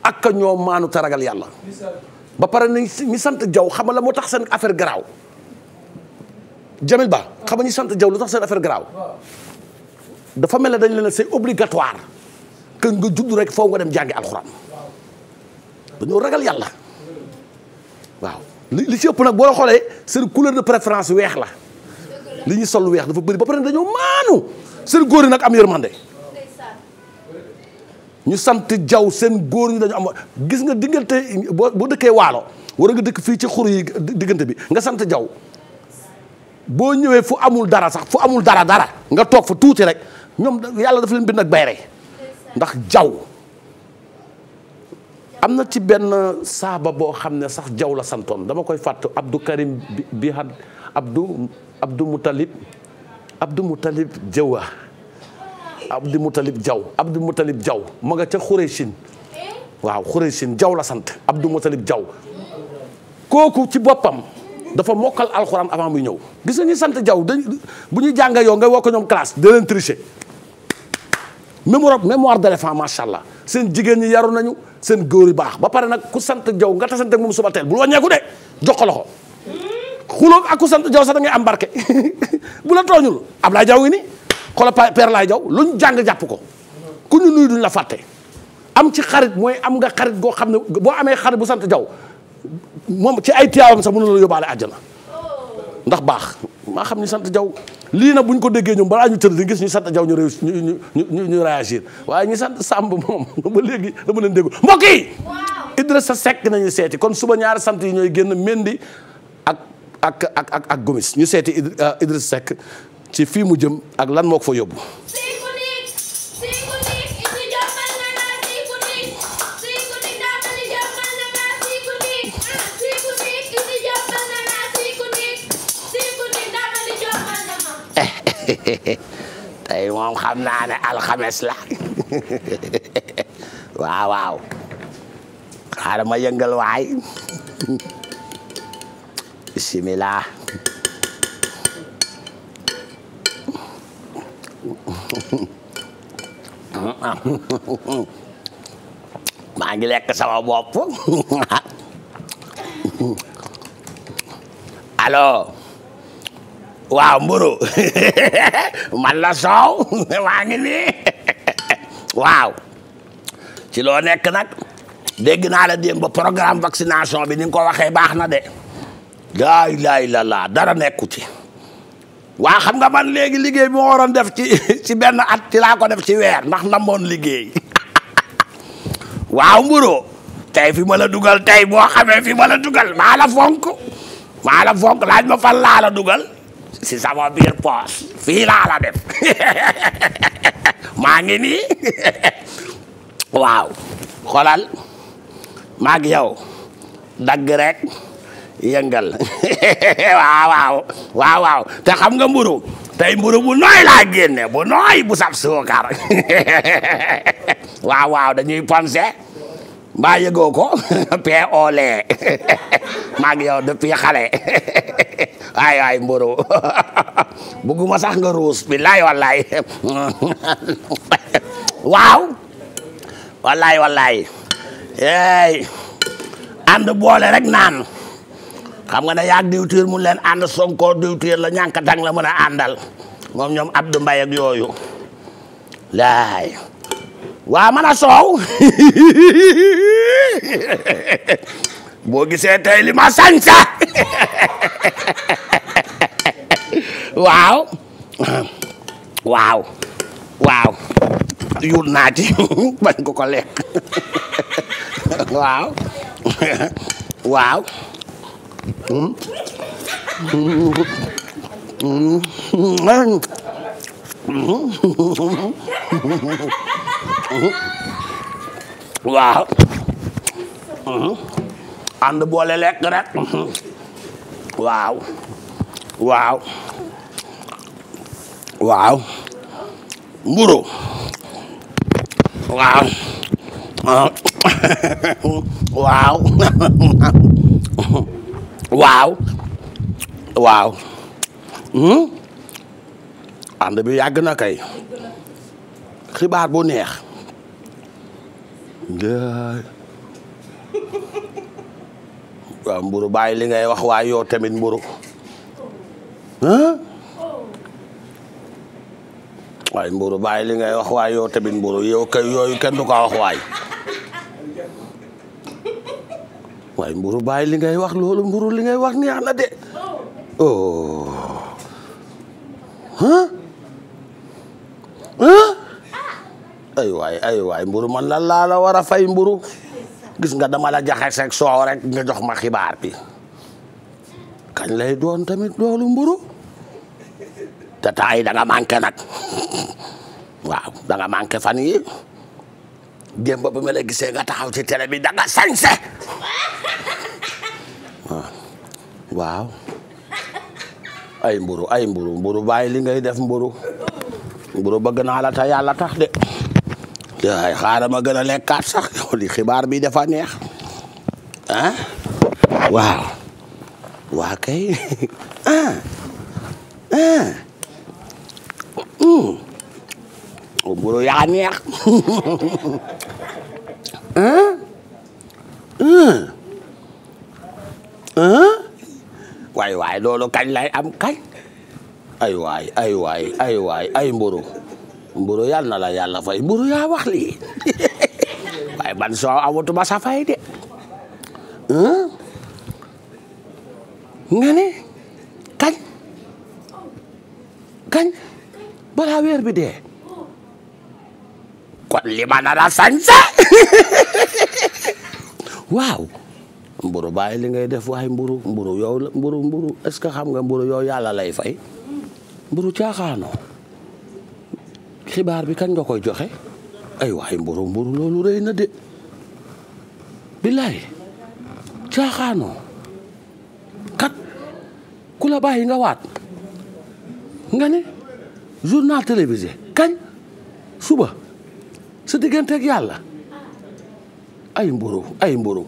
[SPEAKER 1] ak a ñoo maanu te ragal yàlla ba pare nañ ñi sant jaw xam la moo tax seen affaire garaaw Jamil Ba xam ñi sant jaw lu tax seen affaire garaaw dafa mel ne dañ leen c'est obligatoire que nga judd rek foo nga dem jàngi alxuraan dañoo ragal yàlla waaw li li ci ëpp nag boo xoolee seen couleur de préférence weex la li ñuy sol weex dafa bëri ba pare dañoo maanu seen góor yi nag am yërmande ñu sant jaw seen góor ñi dañu am gis nga diggante boo dëkkee waalo war nga dëkk fii ci xur yi diggante bi nga sant jaw boo ñëwee fu amul dara sax fu amul dara dara nga toog fa tuuti rek ñoom yàlla dafa leen bind ak bayre ndax jaw am na ci benn saaba boo xam ne sax jaw la santoon dama koy fàttu Abdou Karim bi had Abdou Abdou Moutalib Abdou Moutalib Jawa Abdou Moutalib Jaw Abdou Moutalib Jaw ma nga ca Xureyshin waaw Xureyshin jaw la sant Abdou Moutalib Jaw kooku ci boppam dafa mokkal alxuraan avant muy ñëw gis nga ñi sant jaw bu ñuy jànga yow nga wokk ko ñoom classe da leen tricher mémoire mémoire d'éléphant macha allah seen jigéen ñi yaru nañu seen góor yu baax ba pare nag ku sant jaw nga tasante ak moom suba teel bul wàññeeku de jox ko loxo xuloo ak ku sant jaw sax da am barke bu la tooñul Ablaye Jaw ngi ni xoolal Père Laay Jaw ñu jàng jàpp ko ku ñu nuyu duñ la fàtte am ci xarit mooy am nga xarit goo xam ne boo amee xarit bu sant jaw moom ci ay tiyaawam sax mënu la yóbbaale àjjana ndax baax maa xam ni sant jaw lii nag bu ñu ko déggee ñoom balaa ñu tëdd di gis ñu sant jaw ñu réussir ñu ñu ñu réagir waaye ñu sant Samb moom ba léegi dama leen dégg mbokk yi. Idrissa Seck nañu seeti kon suba ñaari sant yi ñooy génn Mendy ak ak ak ak Gomis ñu seeti euh, Idrissa Seck ci fii mu jëm ak lan moo ko yóbbu.
[SPEAKER 4] tey moom xam naa ne alxames la waaw waaw xaaral ma yëngal waay bisimilah maa ngi lekk sama bopp allo waaw mboro man la soow waa ngi nii waaw ci loo nekk nag dégg naa la démb ba programme vaccination bi ni nga ko waxee baax na de laa ilaaha illallaah dara nekku ci waa xam nga man léegi liggéey bi ma waroon def ci ci benn at ci laa ko def ci weer ndax namoon liggéey waaw mboro tey fi ma la dugal tey moo xamee fi ma la dugal maa la fonk maa la fonk laaj ma fan laa la dugal si sama biir poos fii laa maa ngi nii waaw xoolal maag yow dagg rek waaw waaw waaw waaw te xam nga mburu tey mburu bu nooy laa génne bu nooy bu saf suukar waaw waaw dañuy ponse mbaa yëgoo ko pee oolee maa ngi yow depuis xale ay ay mboro bëgguma sax nga ruus billaay wallaay waaw wallaay wallaay ey ànd boole rek naan xam nga ne yaag diwtiir mu leen ànd sonko diwtiir la ñànkatang la mën a àndal moom ñoom Abdou Mbaye yooyu laay waa man a soow boo gisee tey li ma sañsa waaw waaw waaw yuut naa ko ko waaw waaw
[SPEAKER 1] mm. Mm.
[SPEAKER 3] waaw
[SPEAKER 4] ànd boole lekk rek waaw waaw waaw mburu waaw waaw
[SPEAKER 1] waaw waaw hmm? ànd bi na kay xibaar bu neex mburu bàyyi li ngay wax waaye yow tamit mburu waay mburu bàyyi li ngay wax waaye yow tamit mburu yow kenn du ko wax waay waaye mburu bàyyi li ngay wax loolu mburu li ngay wax neex na de oh.
[SPEAKER 4] ay waay ay waay mburu man la
[SPEAKER 1] laa la war a fay mburu gis nga dama la jaxase ak soow rek nga jox ma xibaar bi kañ lay doon tamit loolu mburu te taay
[SPEAKER 4] da nga manqué nag waaw da nga manqué fan yi démb ba ma la gisee nga taxaw ci télé bi da nga sañse
[SPEAKER 1] waaw ay mburu ay mburu mburu bàyyi li ngay def mburu Guro bëgg naa la ta yàlla tax de ay xaaral ma gën a
[SPEAKER 4] lekkaat sax li xibaar bii dafa neex ah waaw waa kay ah ah Guro hmm. yaa waaye
[SPEAKER 3] ah? ah. ah?
[SPEAKER 4] waaye loolu kañ lay am kañ. ay waay ay waay ay waay ay mburu mburu yàlla na la yàlla fay mburu yaa wax lii waaye man soo awatuma sa fay de
[SPEAKER 1] nga kañ kañ balaa weer bi dee
[SPEAKER 4] kon li ma nar a
[SPEAKER 1] waaw mburu bàyyi li ngay def waaye mburu mburu yow la mburu mburu est-ce que xam nga mburu yow yàlla lay fay mburu caaxaanoo xibaar bi kañ nga koy joxe ay waay mburu mburu loolu rëy na de billaay caaxaanoo kat ku la bàyyi nga waat nga ne journal télévisé kañ suba sa diggante yàlla ay mburu ay mburu